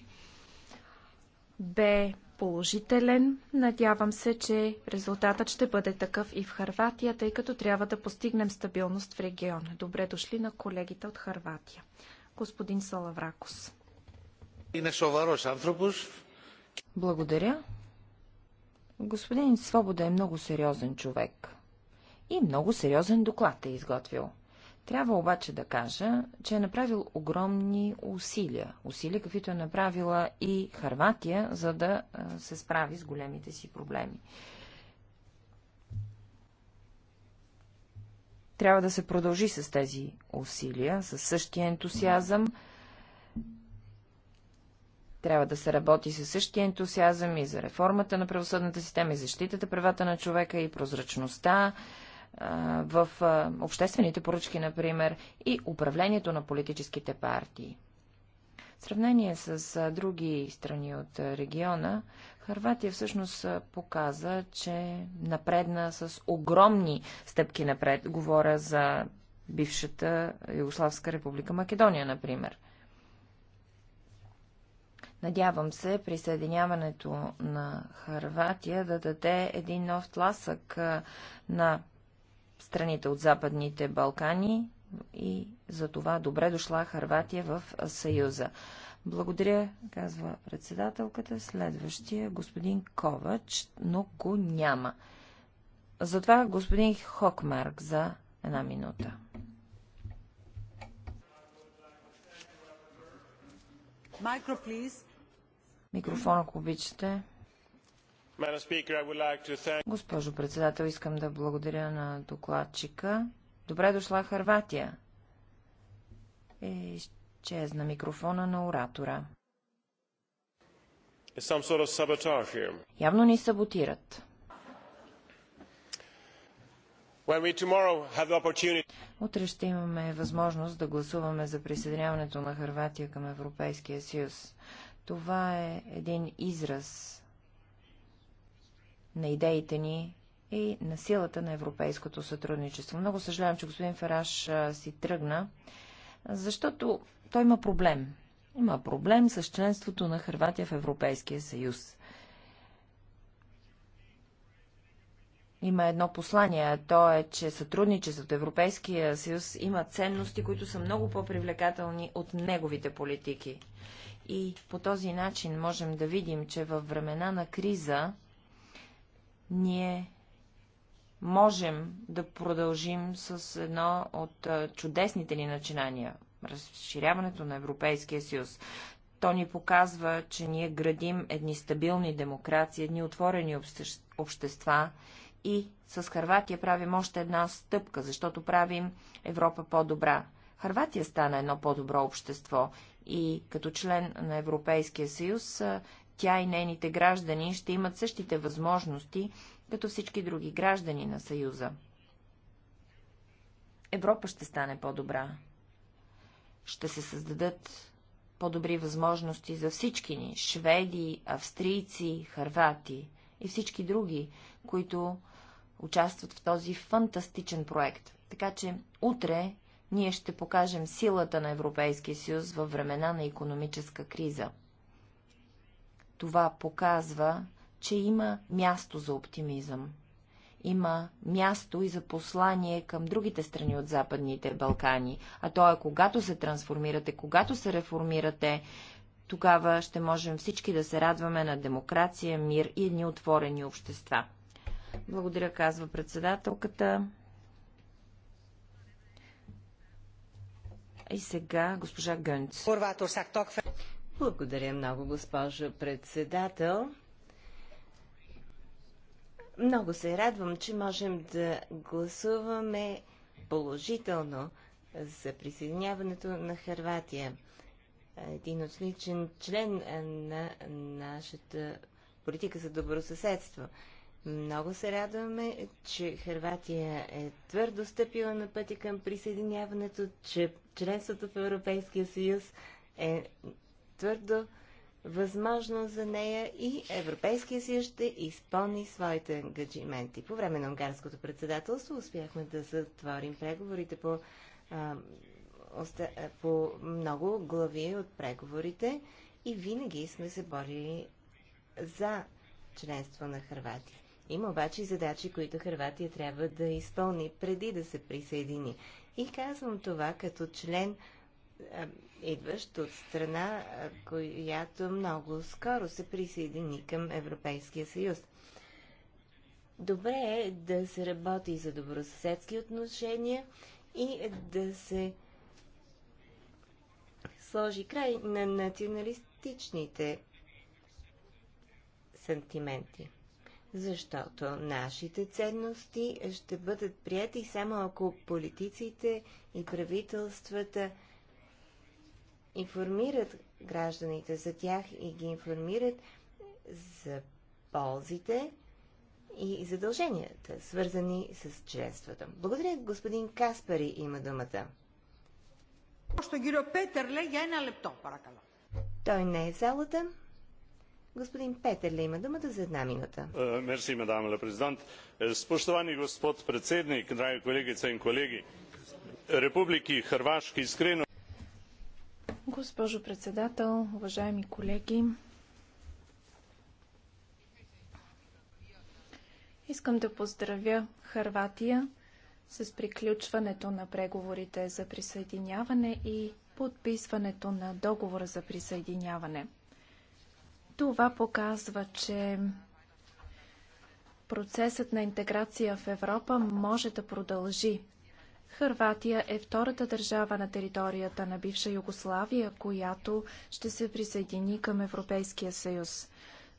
бе положителен. Надявам се, че резултатът ще бъде такъв и в Харватия, тъй като трябва да постигнем стабилност в региона. Добре дошли на колегите от Харватия. Господин Салавракос. Благодаря. Господин Свобода е много сериозен човек. И много сериозен доклад е изготвил. Трябва обаче да кажа, че е направил огромни усилия. Усилия, каквито е направила и Харватия, за да се справи с големите си проблеми. Трябва да се продължи с тези усилия, със същия ентусиазъм. Трябва да се работи със същия ентусиазъм и за реформата на правосъдната система, и защитата правата на човека, и прозрачността, в обществените поръчки, например, и управлението на политическите партии. В сравнение с други страни от региона, Харватия всъщност показа, че напредна с огромни стъпки напред. Говоря за бившата Югославска република Македония, например. Надявам се присъединяването на Харватия да даде един нов тласък на страните от Западните Балкани и за това добре дошла Харватия в Съюза. Благодаря, казва председателката. Следващия господин Ковач, но го няма. Затова господин Хокмарк за една минута. Микрофон, ако обичате. Госпожо председател, искам да благодаря на докладчика. Добре дошла Харватия. И е, изчезна микрофона на оратора. Явно ни саботират. Утре ще имаме възможност да гласуваме за присъединяването на Харватия към Европейския съюз. Това е един израз на идеите ни и на силата на европейското сътрудничество. Много съжалявам, че господин Фераш си тръгна, защото той има проблем. Има проблем с членството на Хрватия в Европейския съюз. Има едно послание, то е, че сътрудничеството Европейския съюз има ценности, които са много по-привлекателни от неговите политики. И по този начин можем да видим, че във времена на криза ние можем да продължим с едно от чудесните ни начинания – разширяването на Европейския съюз. То ни показва, че ние градим едни стабилни демокрации, едни отворени общества и с Харватия правим още една стъпка, защото правим Европа по-добра. Харватия стана едно по-добро общество и като член на Европейския съюз тя и нейните граждани ще имат същите възможности, като всички други граждани на Съюза. Европа ще стане по-добра. Ще се създадат по-добри възможности за всички ни – шведи, австрийци, хървати и всички други, които участват в този фантастичен проект. Така че утре ние ще покажем силата на Европейския съюз във времена на економическа криза. Това показва, че има място за оптимизъм. Има място и за послание към другите страни от Западните Балкани. А то е, когато се трансформирате, когато се реформирате, тогава ще можем всички да се радваме на демокрация, мир и едни отворени общества. Благодаря, казва председателката. И сега госпожа Гънц. Благодаря много, госпожо председател. Много се радвам, че можем да гласуваме положително за присъединяването на Харватия. Един отличен член на нашата политика за добросъседство. Много се радваме, че Харватия е твърдо стъпила на пъти към присъединяването, че членството в Европейския съюз е твърдо възможно за нея и Европейския съюз ще изпълни своите ангажименти. По време на унгарското председателство успяхме да затворим преговорите по, а, по много глави от преговорите и винаги сме се борили за членство на Харватия. Има обаче и задачи, които Харватия трябва да изпълни преди да се присъедини. И казвам това като член е, идващ от страна, е, която много скоро се присъедини към Европейския съюз. Добре е да се работи за добросъседски отношения и да се сложи край на националистичните сантименти. Защото нашите ценности ще бъдат прияти само ако политиците и правителствата – информират гражданите за тях и ги информират за ползите и задълженията, свързани с членството. Благодаря, господин Каспари има думата. Той не е в залата. Господин Петерле има думата за една минута. Е, мерси, мадам ле президент. Е, Спочтовани господ председник, драги колегица и колеги, Републики Хрвашки искрено Госпожо председател, уважаеми колеги, искам да поздравя Харватия с приключването на преговорите за присъединяване и подписването на договора за присъединяване. Това показва, че процесът на интеграция в Европа може да продължи Хърватия е втората държава на територията на бивша Югославия, която ще се присъедини към Европейския съюз.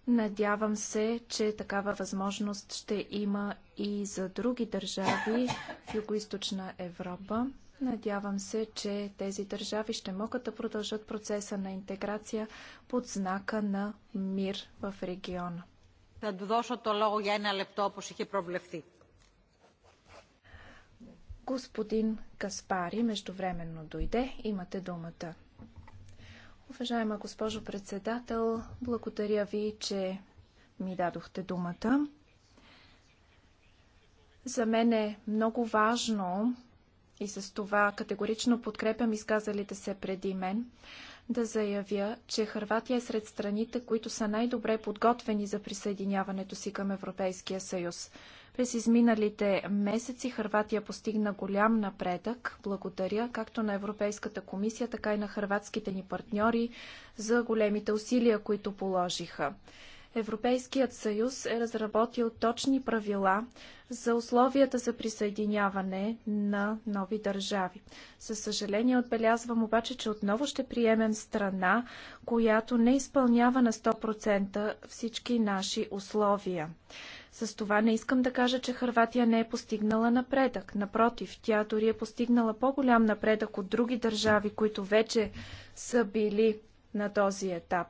Надявам се, че такава възможност ще има и за други държави в Юго-Источна Европа. Надявам се, че тези държави ще могат да продължат процеса на интеграция под знака на мир в региона. Θα του δώσω το λόγο για ένα λεπτό όπως είχε προβλεφθεί. Господин Каспари междувременно дойде. Имате думата. Уважаема госпожо председател, благодаря ви, че ми дадохте думата. За мен е много важно и с това категорично подкрепям изказалите се преди мен, да заявя, че Хърватия е сред страните, които са най-добре подготвени за присъединяването си към Европейския съюз. През изминалите месеци Хърватия постигна голям напредък. Благодаря както на Европейската комисия, така и на хърватските ни партньори за големите усилия, които положиха. Европейският съюз е разработил точни правила за условията за присъединяване на нови държави. Със съжаление отбелязвам обаче, че отново ще приемем страна, която не изпълнява на 100% всички наши условия. С това не искам да кажа, че Хърватия не е постигнала напредък. Напротив, тя дори е постигнала по-голям напредък от други държави, които вече са били на този етап.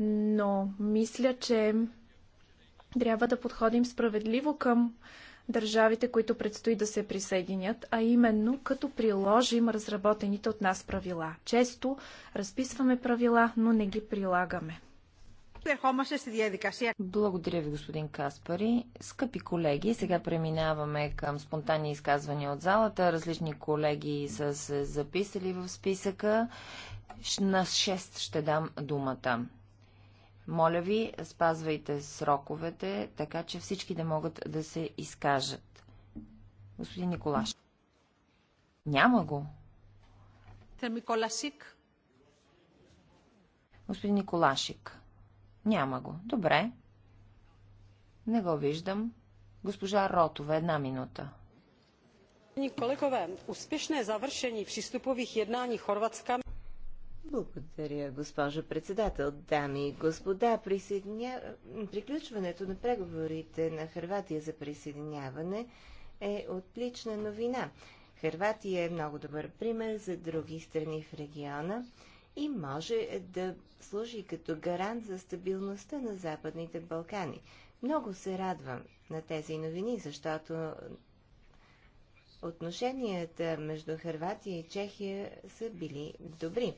Но мисля, че трябва да подходим справедливо към държавите, които предстои да се присъединят, а именно като приложим разработените от нас правила. Често разписваме правила, но не ги прилагаме. Благодаря ви, господин Каспари. Скъпи колеги, сега преминаваме към спонтанни изказвания от залата. Различни колеги са се записали в списъка. На 6 ще дам думата. Моля ви, спазвайте сроковете, така че всички да могат да се изкажат. Господин Николаш. Няма го. Господин Николашик. Няма го. Добре. Не го виждам. Госпожа Ротова, една минута. Колегове, е завършени приступових еднани Хорватска... Благодаря, госпожа председател. Дами и господа, присъединя... приключването на преговорите на Хърватия за присъединяване е отлична новина. Хърватия е много добър пример за други страни в региона и може да служи като гарант за стабилността на Западните Балкани. Много се радвам на тези новини, защото отношенията между Харватия и Чехия са били добри.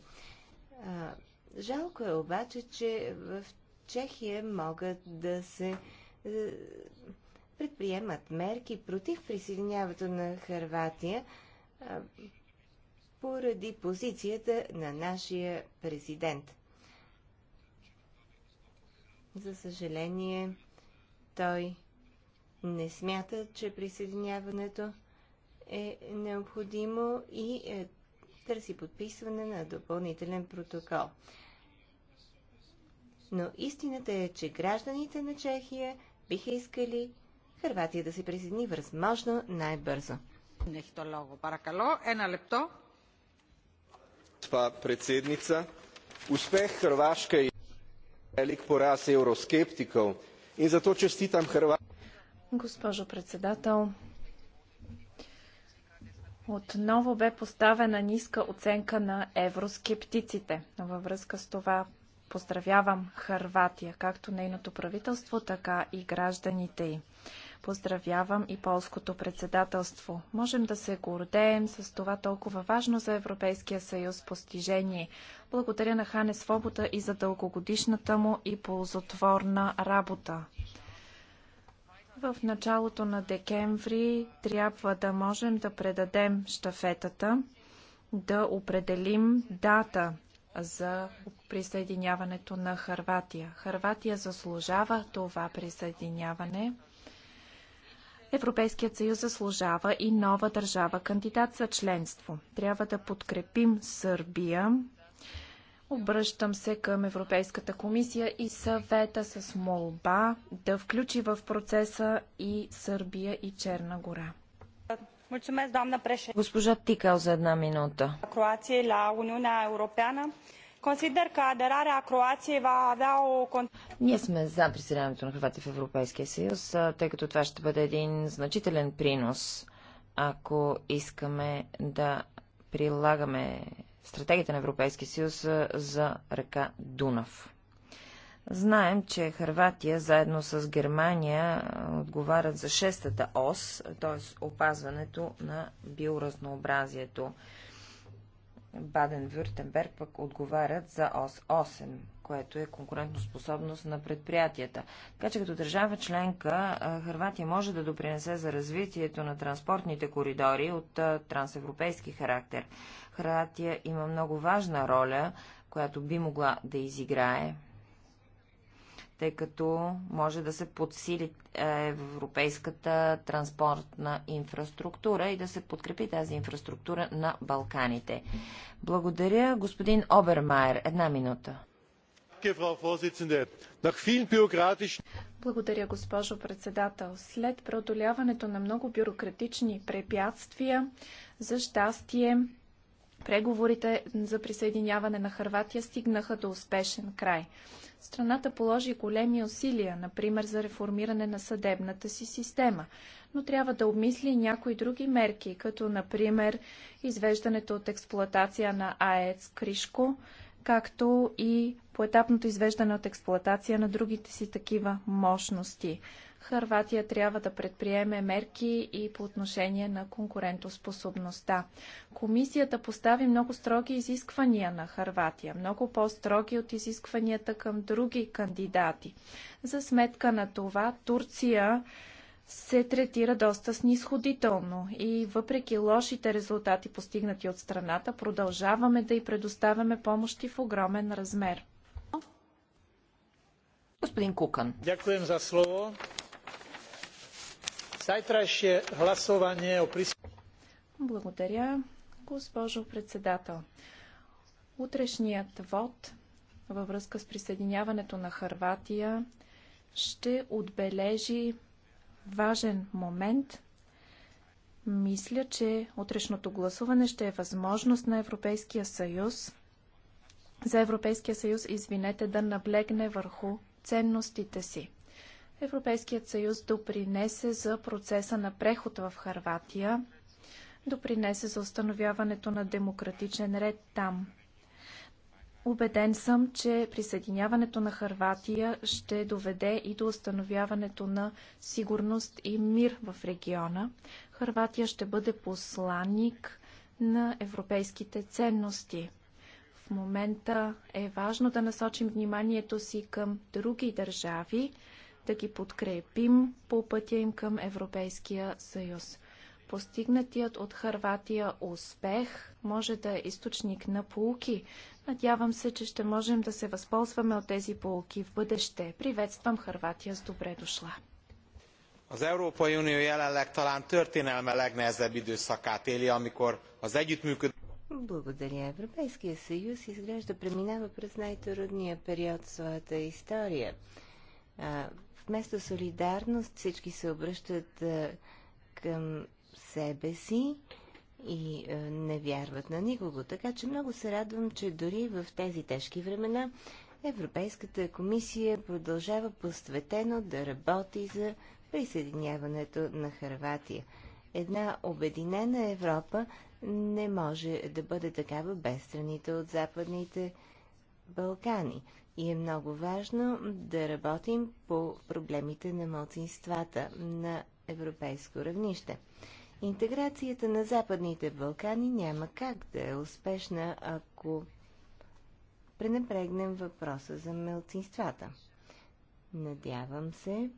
жалко е обаче, че в Чехия могат да се е, предприемат мерки против присъединяването на Харватия поради позицията на нашия президент. За съжаление, той не смята, че присъединяването е необходимо и е, търси подписване на допълнителен протокол. Но истината е, че гражданите на Чехия биха искали Хърватия да се присъедини възможно най-бързо. Нехто лого. Паракало, една лепто gospa predsednica. Uspeh Hrvaške je velik poraz evroskeptikov in zato čestitam Hrvaški. Госпожо председател, отново бе поставена ниска оценка на евроскептиците. Във връзка с това поздравявам Харватия, както нейното правителство, така и гражданите й. Поздравявам и полското председателство. Можем да се гордеем с това толкова важно за Европейския съюз постижение. Благодаря на Хане Свобода и за дългогодишната му и ползотворна работа. В началото на декември трябва да можем да предадем штафетата, да определим дата за присъединяването на Харватия. Харватия заслужава това присъединяване. Европейският съюз заслужава и нова държава кандидат за членство. Трябва да подкрепим Сърбия. Обръщам се към Европейската комисия и съвета с молба да включи в процеса и Сърбия и Черна гора. Госпожа Тикал за една минута. Кроация la Униона Europeană Consider că aderarea Croației va avea o... Ние сме за присъединяването на Хрватия в Европейския съюз, тъй като това ще бъде един значителен принос, ако искаме да прилагаме стратегията на Европейския съюз за река Дунав. Знаем, че Харватия заедно с Германия отговарят за шестата ос, т.е. опазването на биоразнообразието. Баден-Вюртенберг пък отговарят за ОС 8, което е конкурентоспособност на предприятията. Така че като държава членка Харватия може да допринесе за развитието на транспортните коридори от трансевропейски характер. Хрватия има много важна роля, която би могла да изиграе тъй като може да се подсили е, европейската транспортна инфраструктура и да се подкрепи тази инфраструктура на Балканите. Благодаря, господин Обермайер. Една минута. Благодаря, госпожо председател. След преодоляването на много бюрократични препятствия, за щастие, преговорите за присъединяване на Харватия стигнаха до успешен край. Страната положи големи усилия, например за реформиране на съдебната си система, но трябва да обмисли и някои други мерки, като например извеждането от експлоатация на АЕЦ Кришко, както и поетапното извеждане от експлоатация на другите си такива мощности. Харватия трябва да предприеме мерки и по отношение на конкурентоспособността. Комисията постави много строги изисквания на Харватия, много по-строги от изискванията към други кандидати. За сметка на това Турция се третира доста снисходително и въпреки лошите резултати постигнати от страната, продължаваме да й предоставяме помощи в огромен размер. Господин Кукан. Дякуем за слово. Зайтрашие гласование о Благодаря, госпожо председател. Утрешният вод във връзка с присъединяването на Харватия ще отбележи важен момент. Мисля, че утрешното гласуване ще е възможност на Европейския съюз за Европейския съюз, извинете, да наблегне върху ценностите си. Европейският съюз допринесе за процеса на преход в Харватия, допринесе за установяването на демократичен ред там. Убеден съм, че присъединяването на Харватия ще доведе и до установяването на сигурност и мир в региона. Харватия ще бъде посланник на европейските ценности. В момента е важно да насочим вниманието си към други държави, да ги подкрепим по пътя им към Европейския съюз. Постигнатият от Харватия успех може да е източник на полуки. Надявам се, че ще можем да се възползваме от тези полуки в бъдеще. Приветствам Харватия с добре дошла! az európai unió jelenleg talán történelme legnehezebb időszakát éli amikor az együttműködés Благодаря. Европейския съюз изглежда преминава през най-трудния период в своята история вместо солидарност всички се обръщат а, към себе си и а, не вярват на никого. Така че много се радвам, че дори в тези тежки времена Европейската комисия продължава посветено да работи за присъединяването на Харватия. Една обединена Европа не може да бъде такава без страните от Западните Балкани. И е много важно да работим по проблемите на младсинствата на европейско равнище. Интеграцията на Западните Балкани няма как да е успешна, ако пренебрегнем въпроса за мълцинствата. Надявам се,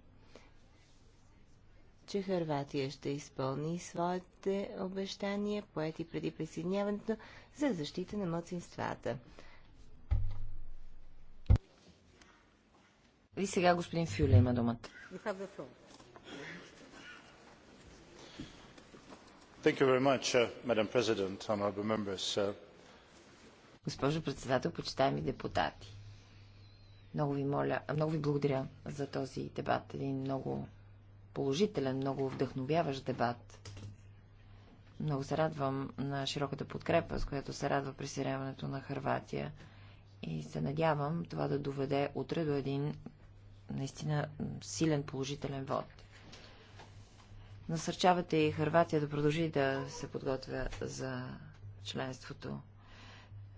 че Харватия ще изпълни своите обещания, поети преди присъединяването за защита на мълцинствата. И сега господин Фюле има думата. Uh, uh. Госпожо председател, почитаеми депутати. Много ви моля, много ви благодаря за този дебат. Един много положителен, много вдъхновяващ дебат. Много се радвам на широката подкрепа, с която се радва присъединяването на Харватия и се надявам това да доведе утре до един наистина силен положителен вод. Насърчавате и Харватия да продължи да се подготвя за членството.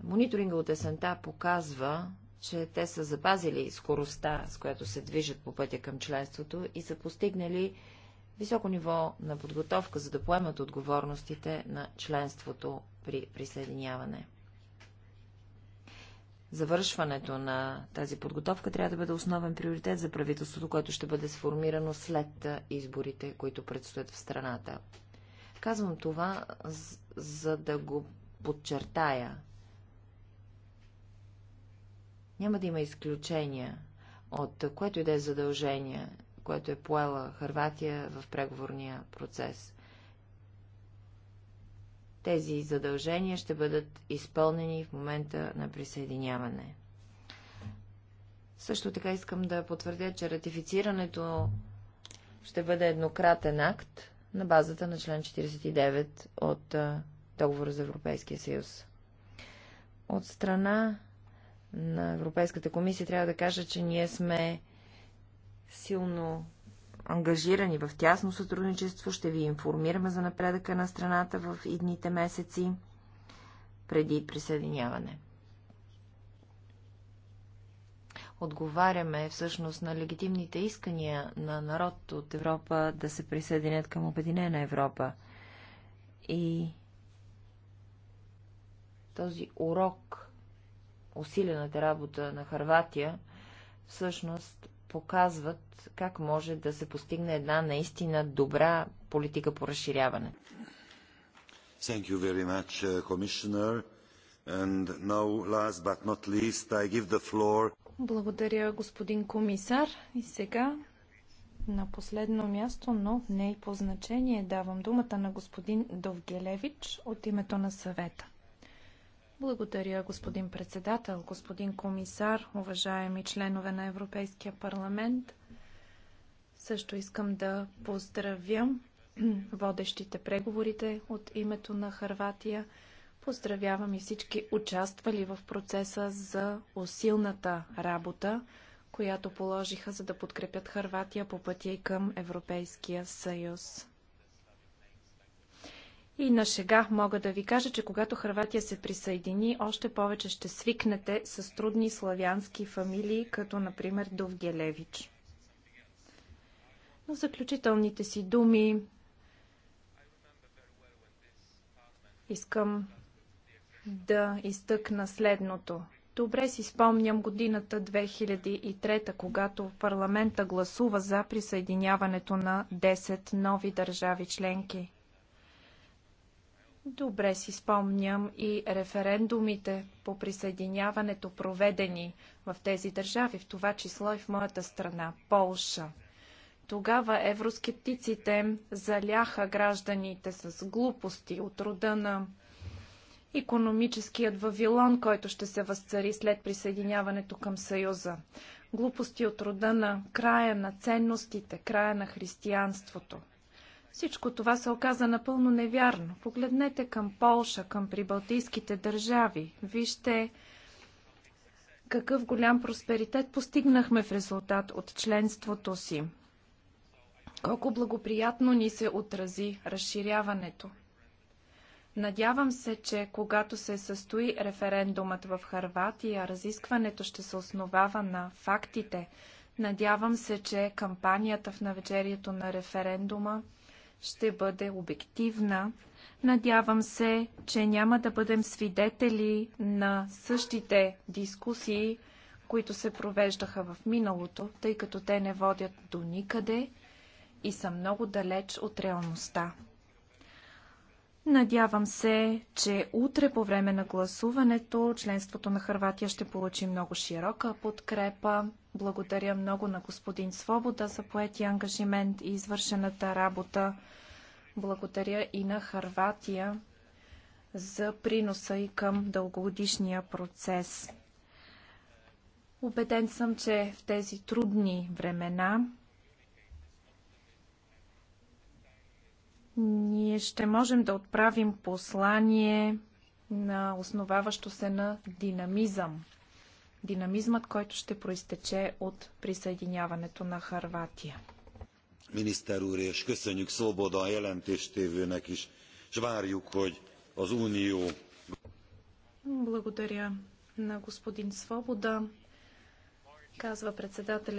Мониторинга от есента показва, че те са запазили скоростта, с която се движат по пътя към членството и са постигнали високо ниво на подготовка, за да поемат отговорностите на членството при присъединяване. Завършването на тази подготовка трябва да бъде основен приоритет за правителството, което ще бъде сформирано след изборите, които предстоят в страната. Казвам това, за да го подчертая. Няма да има изключения от което и да е задължение, което е поела Харватия в преговорния процес. Тези задължения ще бъдат изпълнени в момента на присъединяване. Също така искам да потвърдя, че ратифицирането ще бъде еднократен акт на базата на член 49 от Договора за Европейския съюз. От страна на Европейската комисия трябва да кажа, че ние сме силно ангажирани в тясно сътрудничество. Ще ви информираме за напредъка на страната в идните месеци преди присъединяване. Отговаряме всъщност на легитимните искания на народ от Европа да се присъединят към Обединена Европа. И този урок, усилената работа на Харватия, всъщност показват как може да се постигне една наистина добра политика по разширяване. Thank you very much, uh, Commissioner. And now, last but not least, I give the floor. Благодаря, господин комисар. И сега на последно място, но не и по значение, давам думата на господин Довгелевич от името на съвета. Благодаря, господин председател, господин комисар, уважаеми членове на Европейския парламент. Също искам да поздравя водещите преговорите от името на Харватия. Поздравявам и всички участвали в процеса за усилната работа, която положиха, за да подкрепят Харватия по пътя и към Европейския съюз. И на шега мога да ви кажа, че когато Харватия се присъедини, още повече ще свикнете с трудни славянски фамилии, като например Довгелевич. Но заключителните си думи искам да изтъкна следното. Добре си спомням годината 2003, когато парламента гласува за присъединяването на 10 нови държави членки. Добре си спомням и референдумите по присъединяването, проведени в тези държави, в това число и в моята страна, Полша. Тогава евроскептиците заляха гражданите с глупости от рода на економическият Вавилон, който ще се възцари след присъединяването към Съюза. Глупости от рода на края на ценностите, края на християнството. Всичко това се оказа напълно невярно. Погледнете към Полша, към прибалтийските държави. Вижте какъв голям просперитет постигнахме в резултат от членството си. Колко благоприятно ни се отрази разширяването. Надявам се, че когато се състои референдумът в Харватия, разискването ще се основава на фактите. Надявам се, че кампанията в навечерието на референдума ще бъде обективна. Надявам се, че няма да бъдем свидетели на същите дискусии, които се провеждаха в миналото, тъй като те не водят до никъде и са много далеч от реалността. Надявам се, че утре по време на гласуването членството на Харватия ще получи много широка подкрепа. Благодаря много на господин Свобода за поети ангажимент и извършената работа. Благодаря и на Харватия за приноса и към дългогодишния процес. Обеден съм, че в тези трудни времена ние ще можем да отправим послание на основаващо се на динамизъм динамизмът, който ще проистече от присъединяването на Харватия. Министър Ури, és köszönjük Szóboda a jelentéstévőnek is, és várjuk, hogy az Unió... Благодаря на господин Свобода, казва председателят